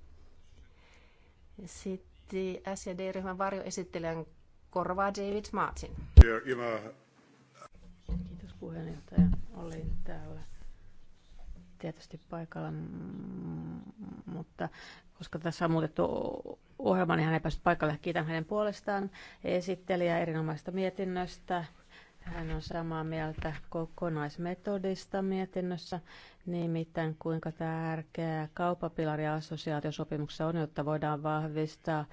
Sitten SJD-ryhmän varjoesittelijän korvaa David Martin. Kiitos puheenjohtaja. Olin täällä tietysti paikalla, mutta koska tässä on muutettu ohjelma, niin hän ei päässyt paikalle. Kiitän hänen puolestaan esittelijä erinomaista mietinnöstä. Hän on samaa mieltä kokonaismetodista mietinnössä, nimittäin kuinka tärkeää kaupapilari- ja assosiaatiosopimuksessa on, jotta voidaan vahvistaa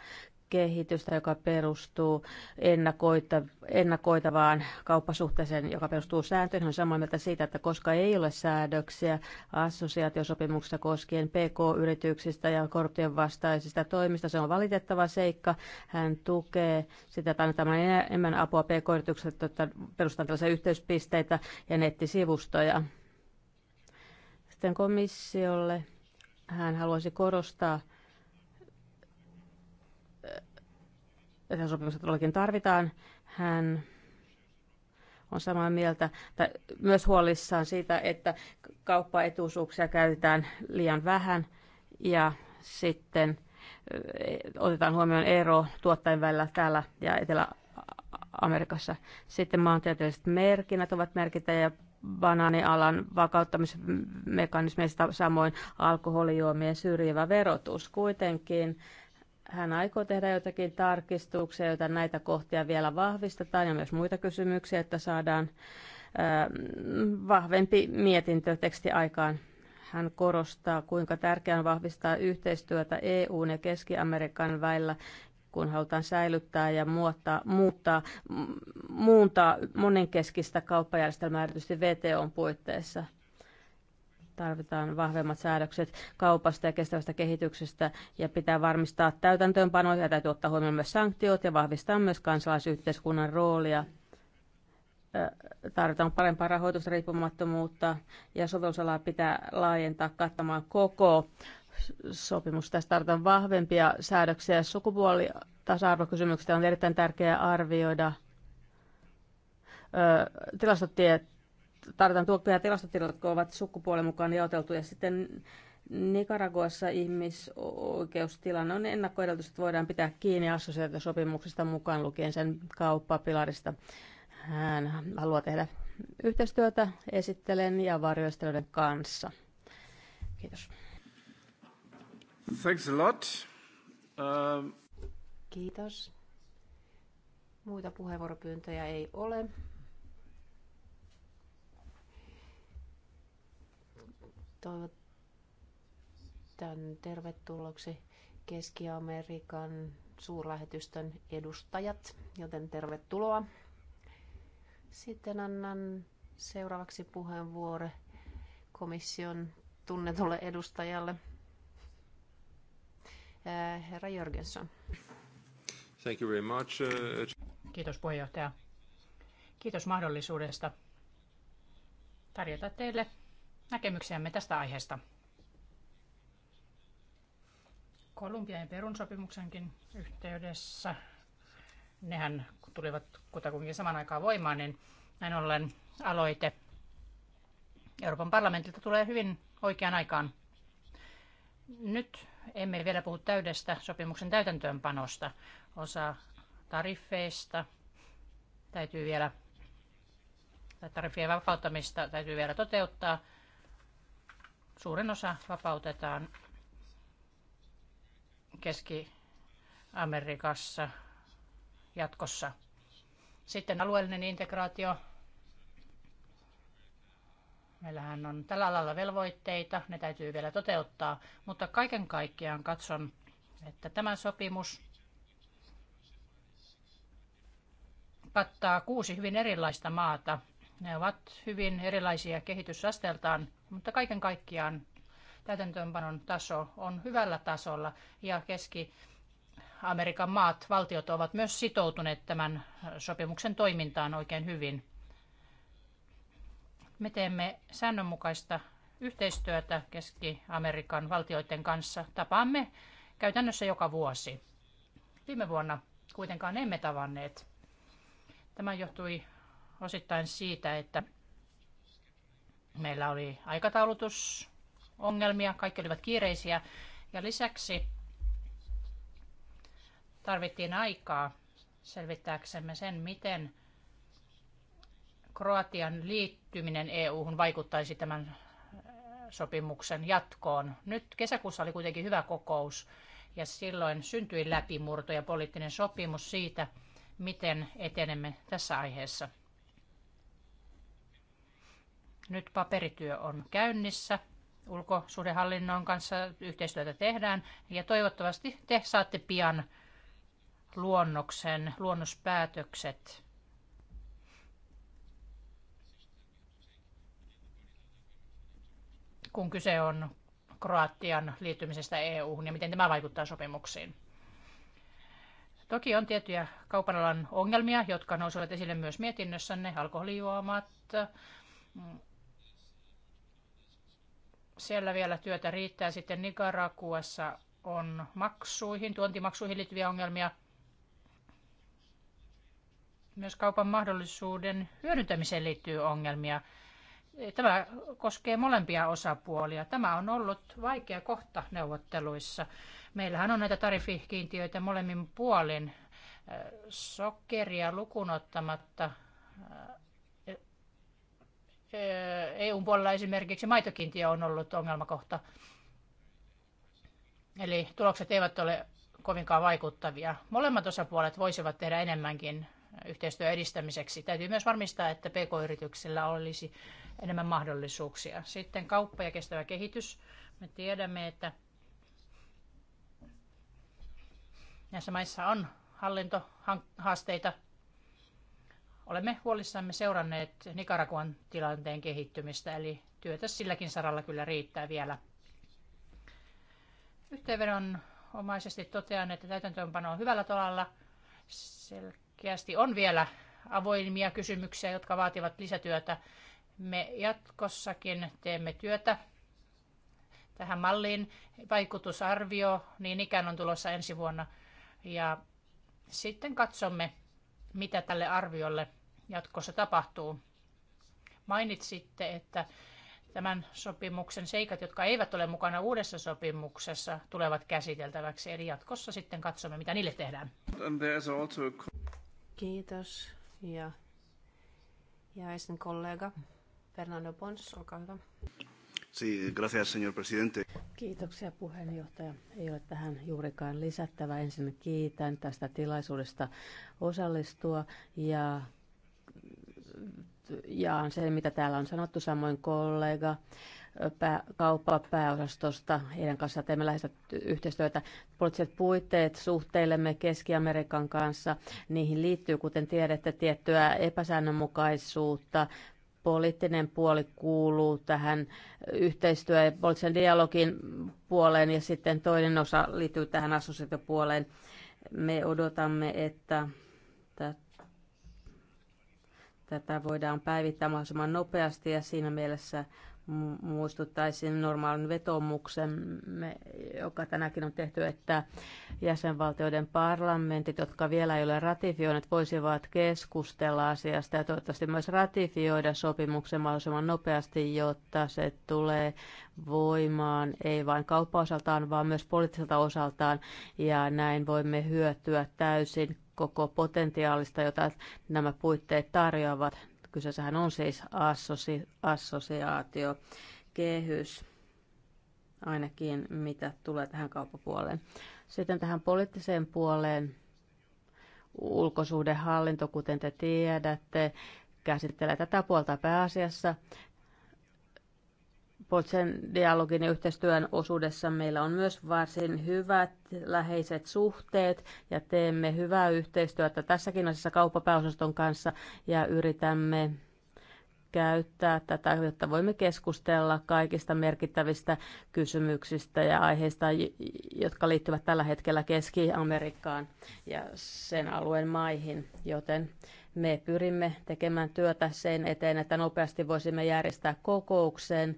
kehitystä, joka perustuu ennakoita, ennakoitavaan kauppasuhteeseen, joka perustuu sääntöihin. On samaa mieltä siitä, että koska ei ole säädöksiä assosiaatiosopimuksesta koskien PK-yrityksistä ja korruption vastaisista toimista, se on valitettava seikka. Hän tukee sitä, että annetaan enemmän apua PK-yrityksille, että perustetaan tällaisia yhteyspisteitä ja nettisivustoja. Sitten komissiolle hän haluaisi korostaa, että sopimusta todellakin tarvitaan. Hän on samaa mieltä, tai myös huolissaan siitä, että kauppaetuisuuksia käytetään liian vähän ja sitten otetaan huomioon ero tuottajien välillä täällä ja Etelä-Amerikassa. Sitten maantieteelliset merkinnät ovat merkintä ja banaanialan vakauttamismekanismeista, samoin alkoholijuomien syrjivä verotus. Kuitenkin hän aikoo tehdä jotakin tarkistuksia, joita näitä kohtia vielä vahvistetaan ja myös muita kysymyksiä, että saadaan vahvempi mietintöteksti aikaan. Hän korostaa, kuinka tärkeää on vahvistaa yhteistyötä EUn ja Keski-Amerikan väillä, kun halutaan säilyttää ja muuttaa, muuttaa muuntaa monenkeskistä kauppajärjestelmää erityisesti VTOn puitteissa – tarvitaan vahvemmat säädökset kaupasta ja kestävästä kehityksestä ja pitää varmistaa täytäntöönpano ja täytyy ottaa huomioon myös sanktiot ja vahvistaa myös kansalaisyhteiskunnan roolia. Tarvitaan parempaa rahoitusta, riippumattomuutta ja sovellusalaa pitää laajentaa kattamaan koko sopimus. Tästä tarvitaan vahvempia säädöksiä. Sukupuolitasa-arvokysymyksistä on erittäin tärkeää arvioida tilastotiet tarvitaan tuokkoja tilastotilat, jotka ovat sukupuolen mukaan Ja Sitten Nicaraguassa ihmisoikeustilanne on ennakkoedellytys, että voidaan pitää kiinni assosiaatiosopimuksista mukaan lukien sen kauppapilarista. Hän haluaa tehdä yhteistyötä esittelen ja varjoistelijoiden kanssa. Kiitos. Thanks a lot. Um... Kiitos. Muita puheenvuoropyyntöjä ei ole. toivotan tervetulleeksi Keski-Amerikan suurlähetystön edustajat, joten tervetuloa. Sitten annan seuraavaksi puheenvuoro komission tunnetulle edustajalle, herra Jörgensson. Thank you very much. Uh, Kiitos puheenjohtaja. Kiitos mahdollisuudesta tarjota teille näkemyksiämme tästä aiheesta. Kolumbian ja Perun sopimuksenkin yhteydessä, nehän tulivat kutakuinkin saman aikaan voimaan, niin näin ollen aloite Euroopan parlamentilta tulee hyvin oikeaan aikaan. Nyt emme vielä puhu täydestä sopimuksen täytäntöönpanosta. Osa tariffeista täytyy vielä, tai tariffien vapauttamista täytyy vielä toteuttaa – Suurin osa vapautetaan Keski-Amerikassa jatkossa. Sitten alueellinen integraatio. Meillähän on tällä alalla velvoitteita, ne täytyy vielä toteuttaa, mutta kaiken kaikkiaan katson, että tämä sopimus kattaa kuusi hyvin erilaista maata ne ovat hyvin erilaisia kehitysasteeltaan, mutta kaiken kaikkiaan täytäntöönpanon taso on hyvällä tasolla ja keski Amerikan maat, valtiot ovat myös sitoutuneet tämän sopimuksen toimintaan oikein hyvin. Me teemme säännönmukaista yhteistyötä Keski-Amerikan valtioiden kanssa. Tapaamme käytännössä joka vuosi. Viime vuonna kuitenkaan emme tavanneet. Tämä johtui osittain siitä, että meillä oli aikataulutusongelmia, kaikki olivat kiireisiä ja lisäksi tarvittiin aikaa selvittääksemme sen, miten Kroatian liittyminen EU-hun vaikuttaisi tämän äh, sopimuksen jatkoon. Nyt kesäkuussa oli kuitenkin hyvä kokous ja silloin syntyi läpimurto ja poliittinen sopimus siitä, miten etenemme tässä aiheessa. Nyt paperityö on käynnissä. Ulkosuhdehallinnon kanssa yhteistyötä tehdään ja toivottavasti te saatte pian luonnoksen, luonnospäätökset. Kun kyse on Kroatian liittymisestä EU-hun ja miten tämä vaikuttaa sopimuksiin. Toki on tiettyjä kaupanalan ongelmia, jotka nousevat esille myös mietinnössänne, alkoholijuomat, siellä vielä työtä riittää. Sitten Nicaraguassa on maksuihin, tuontimaksuihin liittyviä ongelmia. Myös kaupan mahdollisuuden hyödyntämiseen liittyy ongelmia. Tämä koskee molempia osapuolia. Tämä on ollut vaikea kohta neuvotteluissa. Meillähän on näitä tarifikiintiöitä molemmin puolin. Sokeria lukunottamatta EUn puolella esimerkiksi maitokiintiö on ollut ongelmakohta. Eli tulokset eivät ole kovinkaan vaikuttavia. Molemmat osapuolet voisivat tehdä enemmänkin yhteistyön edistämiseksi. Täytyy myös varmistaa, että pk-yrityksillä olisi enemmän mahdollisuuksia. Sitten kauppa ja kestävä kehitys. Me tiedämme, että näissä maissa on hallintohaasteita Olemme huolissamme seuranneet Nicaraguan tilanteen kehittymistä, eli työtä silläkin saralla kyllä riittää vielä. Yhteenvedon omaisesti totean, että täytäntöönpano on hyvällä tolalla. Selkeästi on vielä avoimia kysymyksiä, jotka vaativat lisätyötä. Me jatkossakin teemme työtä tähän malliin. Vaikutusarvio niin ikään on tulossa ensi vuonna. Ja sitten katsomme, mitä tälle arviolle jatkossa tapahtuu. Mainitsitte, että tämän sopimuksen seikat, jotka eivät ole mukana uudessa sopimuksessa, tulevat käsiteltäväksi. Eli jatkossa sitten katsomme, mitä niille tehdään. Kiitos. Ja, ja esin kollega Fernando Pons, olkaa hyvä. Sí, gracias, señor presidente. Kiitoksia puheenjohtaja. Ei ole tähän juurikaan lisättävä. Ensin kiitän tästä tilaisuudesta osallistua ja jaan sen, mitä täällä on sanottu, samoin kollega pää, kauppapääosastosta. Heidän kanssa teemme läheistä yhteistyötä. Poliittiset puitteet suhteillemme Keski-Amerikan kanssa, niihin liittyy, kuten tiedätte, tiettyä epäsäännönmukaisuutta. Poliittinen puoli kuuluu tähän yhteistyö- ja poliittisen dialogin puoleen ja sitten toinen osa liittyy tähän assosiaatiopuoleen. Me odotamme, että Tätä voidaan päivittää mahdollisimman nopeasti ja siinä mielessä muistuttaisin normaalin vetomuksen, joka tänäkin on tehty, että jäsenvaltioiden parlamentit, jotka vielä ei ole ratifioineet, voisivat keskustella asiasta ja toivottavasti myös ratifioida sopimuksen mahdollisimman nopeasti, jotta se tulee voimaan ei vain kauppaosaltaan, vaan myös poliittiselta osaltaan ja näin voimme hyötyä täysin koko potentiaalista, jota nämä puitteet tarjoavat. Kyseessähän on siis assosi, assosiaatio, kehys, ainakin mitä tulee tähän kauppapuoleen. Sitten tähän poliittiseen puoleen ulkosuhdehallinto, kuten te tiedätte, käsittelee tätä puolta pääasiassa poliittisen dialogin ja yhteistyön osuudessa meillä on myös varsin hyvät läheiset suhteet ja teemme hyvää yhteistyötä tässäkin asiassa kauppapääosaston kanssa ja yritämme käyttää tätä, jotta voimme keskustella kaikista merkittävistä kysymyksistä ja aiheista, jotka liittyvät tällä hetkellä Keski-Amerikkaan ja sen alueen maihin, joten me pyrimme tekemään työtä sen eteen, että nopeasti voisimme järjestää kokouksen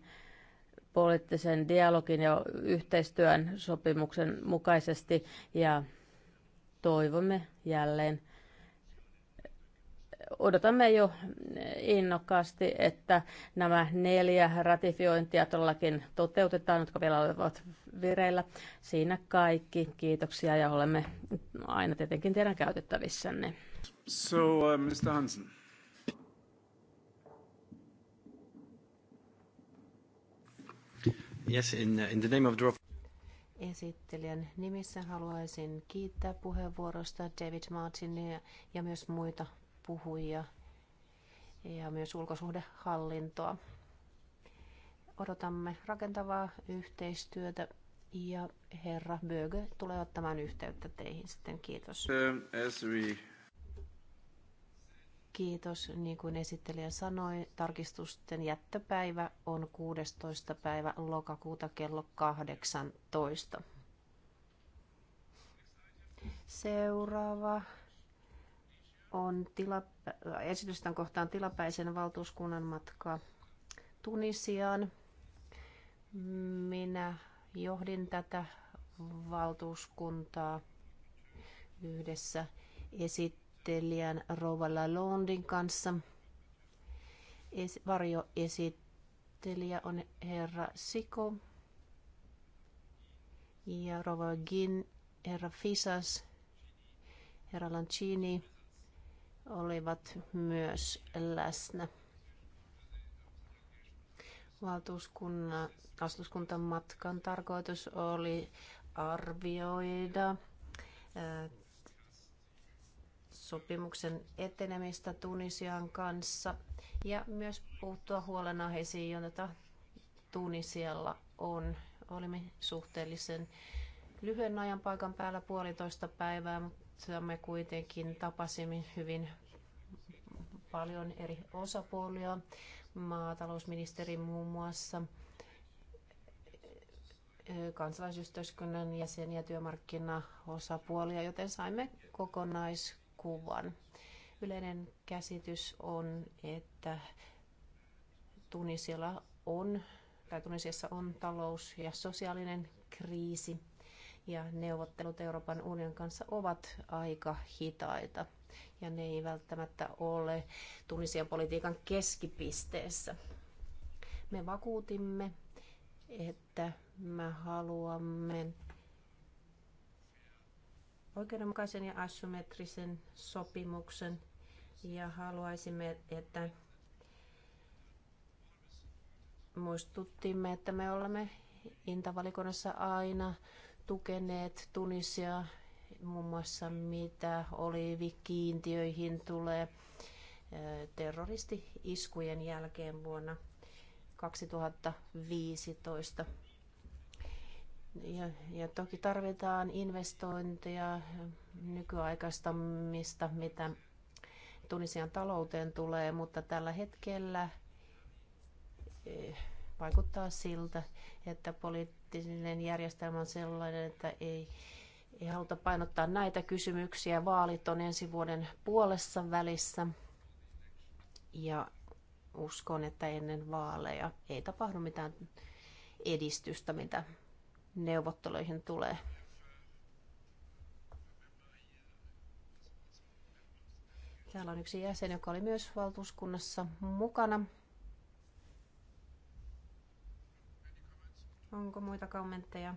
poliittisen dialogin ja yhteistyön sopimuksen mukaisesti ja toivomme jälleen odotamme jo innokkaasti, että nämä neljä ratifiointia todellakin toteutetaan, jotka vielä ovat vireillä. Siinä kaikki. Kiitoksia ja olemme aina tietenkin teidän käytettävissänne. So, uh, Mr. Hansen. Yes, in, uh, in the name of Drop. Esittelijän nimissä haluaisin kiittää puheenvuorosta David Martinia ja myös muita puhujia ja myös ulkosuhdehallintoa. Odotamme rakentavaa yhteistyötä ja herra Böge tulee ottamaan yhteyttä teihin sitten. Kiitos. Um, as we Kiitos. Niin kuin esittelijä sanoi, tarkistusten jättöpäivä on 16. päivä lokakuuta kello 18. Seuraava on tila, äh, esitystän kohtaan tilapäisen valtuuskunnan matka Tunisiaan. Minä johdin tätä valtuuskuntaa yhdessä esittelijän näyttelijän Rova Lalondin kanssa. Es, varjoesittelijä on herra Siko ja Rova Gin, herra Fisas, herra Lancini olivat myös läsnä. Valtuuskunnan matkan tarkoitus oli arvioida sopimuksen etenemistä Tunisian kanssa ja myös puuttua huolenaiheisiin, joita Tunisialla on. Olimme suhteellisen lyhyen ajan paikan päällä puolitoista päivää, mutta me kuitenkin tapasimme hyvin paljon eri osapuolia, maatalousministeri muun muassa, kansalaisyhteiskunnan jäseniä, työmarkkinaosapuolia, joten saimme kokonais kuvan. Yleinen käsitys on, että Tunisilla on, tai Tunisiassa on talous- ja sosiaalinen kriisi, ja neuvottelut Euroopan unionin kanssa ovat aika hitaita, ja ne ei välttämättä ole Tunisian politiikan keskipisteessä. Me vakuutimme, että me haluamme oikeudenmukaisen ja asymmetrisen sopimuksen ja haluaisimme, että muistuttimme, että me olemme Intavalikunnassa aina tukeneet Tunisia muun muassa mitä oliivikiintiöihin tulee terroristi-iskujen jälkeen vuonna 2015. Ja, ja toki tarvitaan investointeja, nykyaikaistamista, mitä Tunisian talouteen tulee, mutta tällä hetkellä eh, vaikuttaa siltä, että poliittinen järjestelmä on sellainen, että ei, ei haluta painottaa näitä kysymyksiä. Vaalit on ensi vuoden puolessa välissä ja uskon, että ennen vaaleja ei tapahdu mitään edistystä, mitä neuvotteluihin tulee. Täällä on yksi jäsen, joka oli myös valtuuskunnassa mukana. Onko muita kommentteja?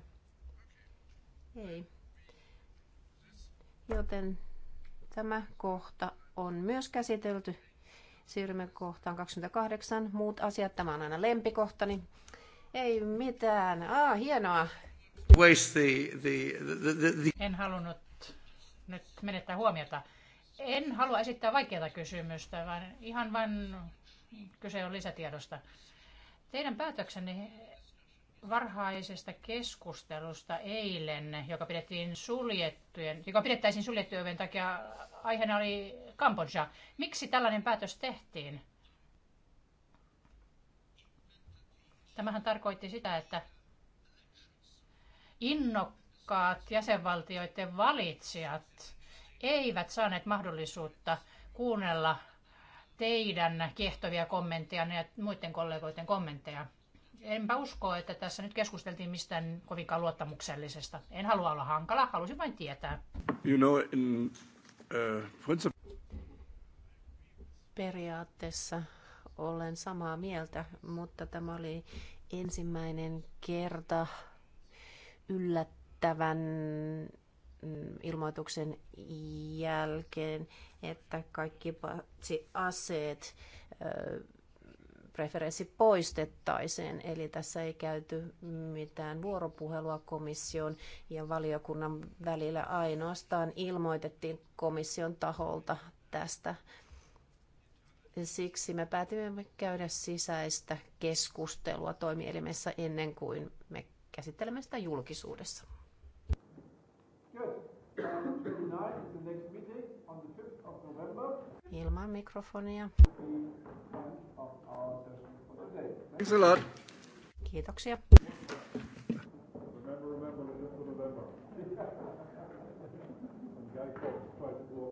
Ei. Joten tämä kohta on myös käsitelty. Siirrymme kohtaan 28. Muut asiat, tämä on aina lempikohtani. Ei mitään. Ah, hienoa. Waste the, the, the, the, the... En halunnut nyt menettää huomiota. En halua esittää vaikeaa kysymystä, vaan ihan vain kyse on lisätiedosta. Teidän päätöksenne varhaisesta keskustelusta eilen, joka, pidettiin suljettujen, joka pidettäisiin suljettujen takia, aiheena oli Kambodža. Miksi tällainen päätös tehtiin? Tämähän tarkoitti sitä, että innokkaat jäsenvaltioiden valitsijat eivät saaneet mahdollisuutta kuunnella teidän kiehtovia kommentteja ja muiden kollegoiden kommentteja. Enpä usko, että tässä nyt keskusteltiin mistään kovinkaan luottamuksellisesta. En halua olla hankala, halusin vain tietää. You know, in, uh, principle... Periaatteessa olen samaa mieltä, mutta tämä oli ensimmäinen kerta yllättävän mm, ilmoituksen jälkeen, että kaikki paitsi aseet preferenssi poistettaisiin. Eli tässä ei käyty mitään vuoropuhelua komission ja valiokunnan välillä, ainoastaan ilmoitettiin komission taholta tästä Siksi me päätimme käydä sisäistä keskustelua toimielimessä ennen kuin me käsittelemme sitä julkisuudessa. Ilman mikrofonia. Kiitoksia. Remember, remember, remember.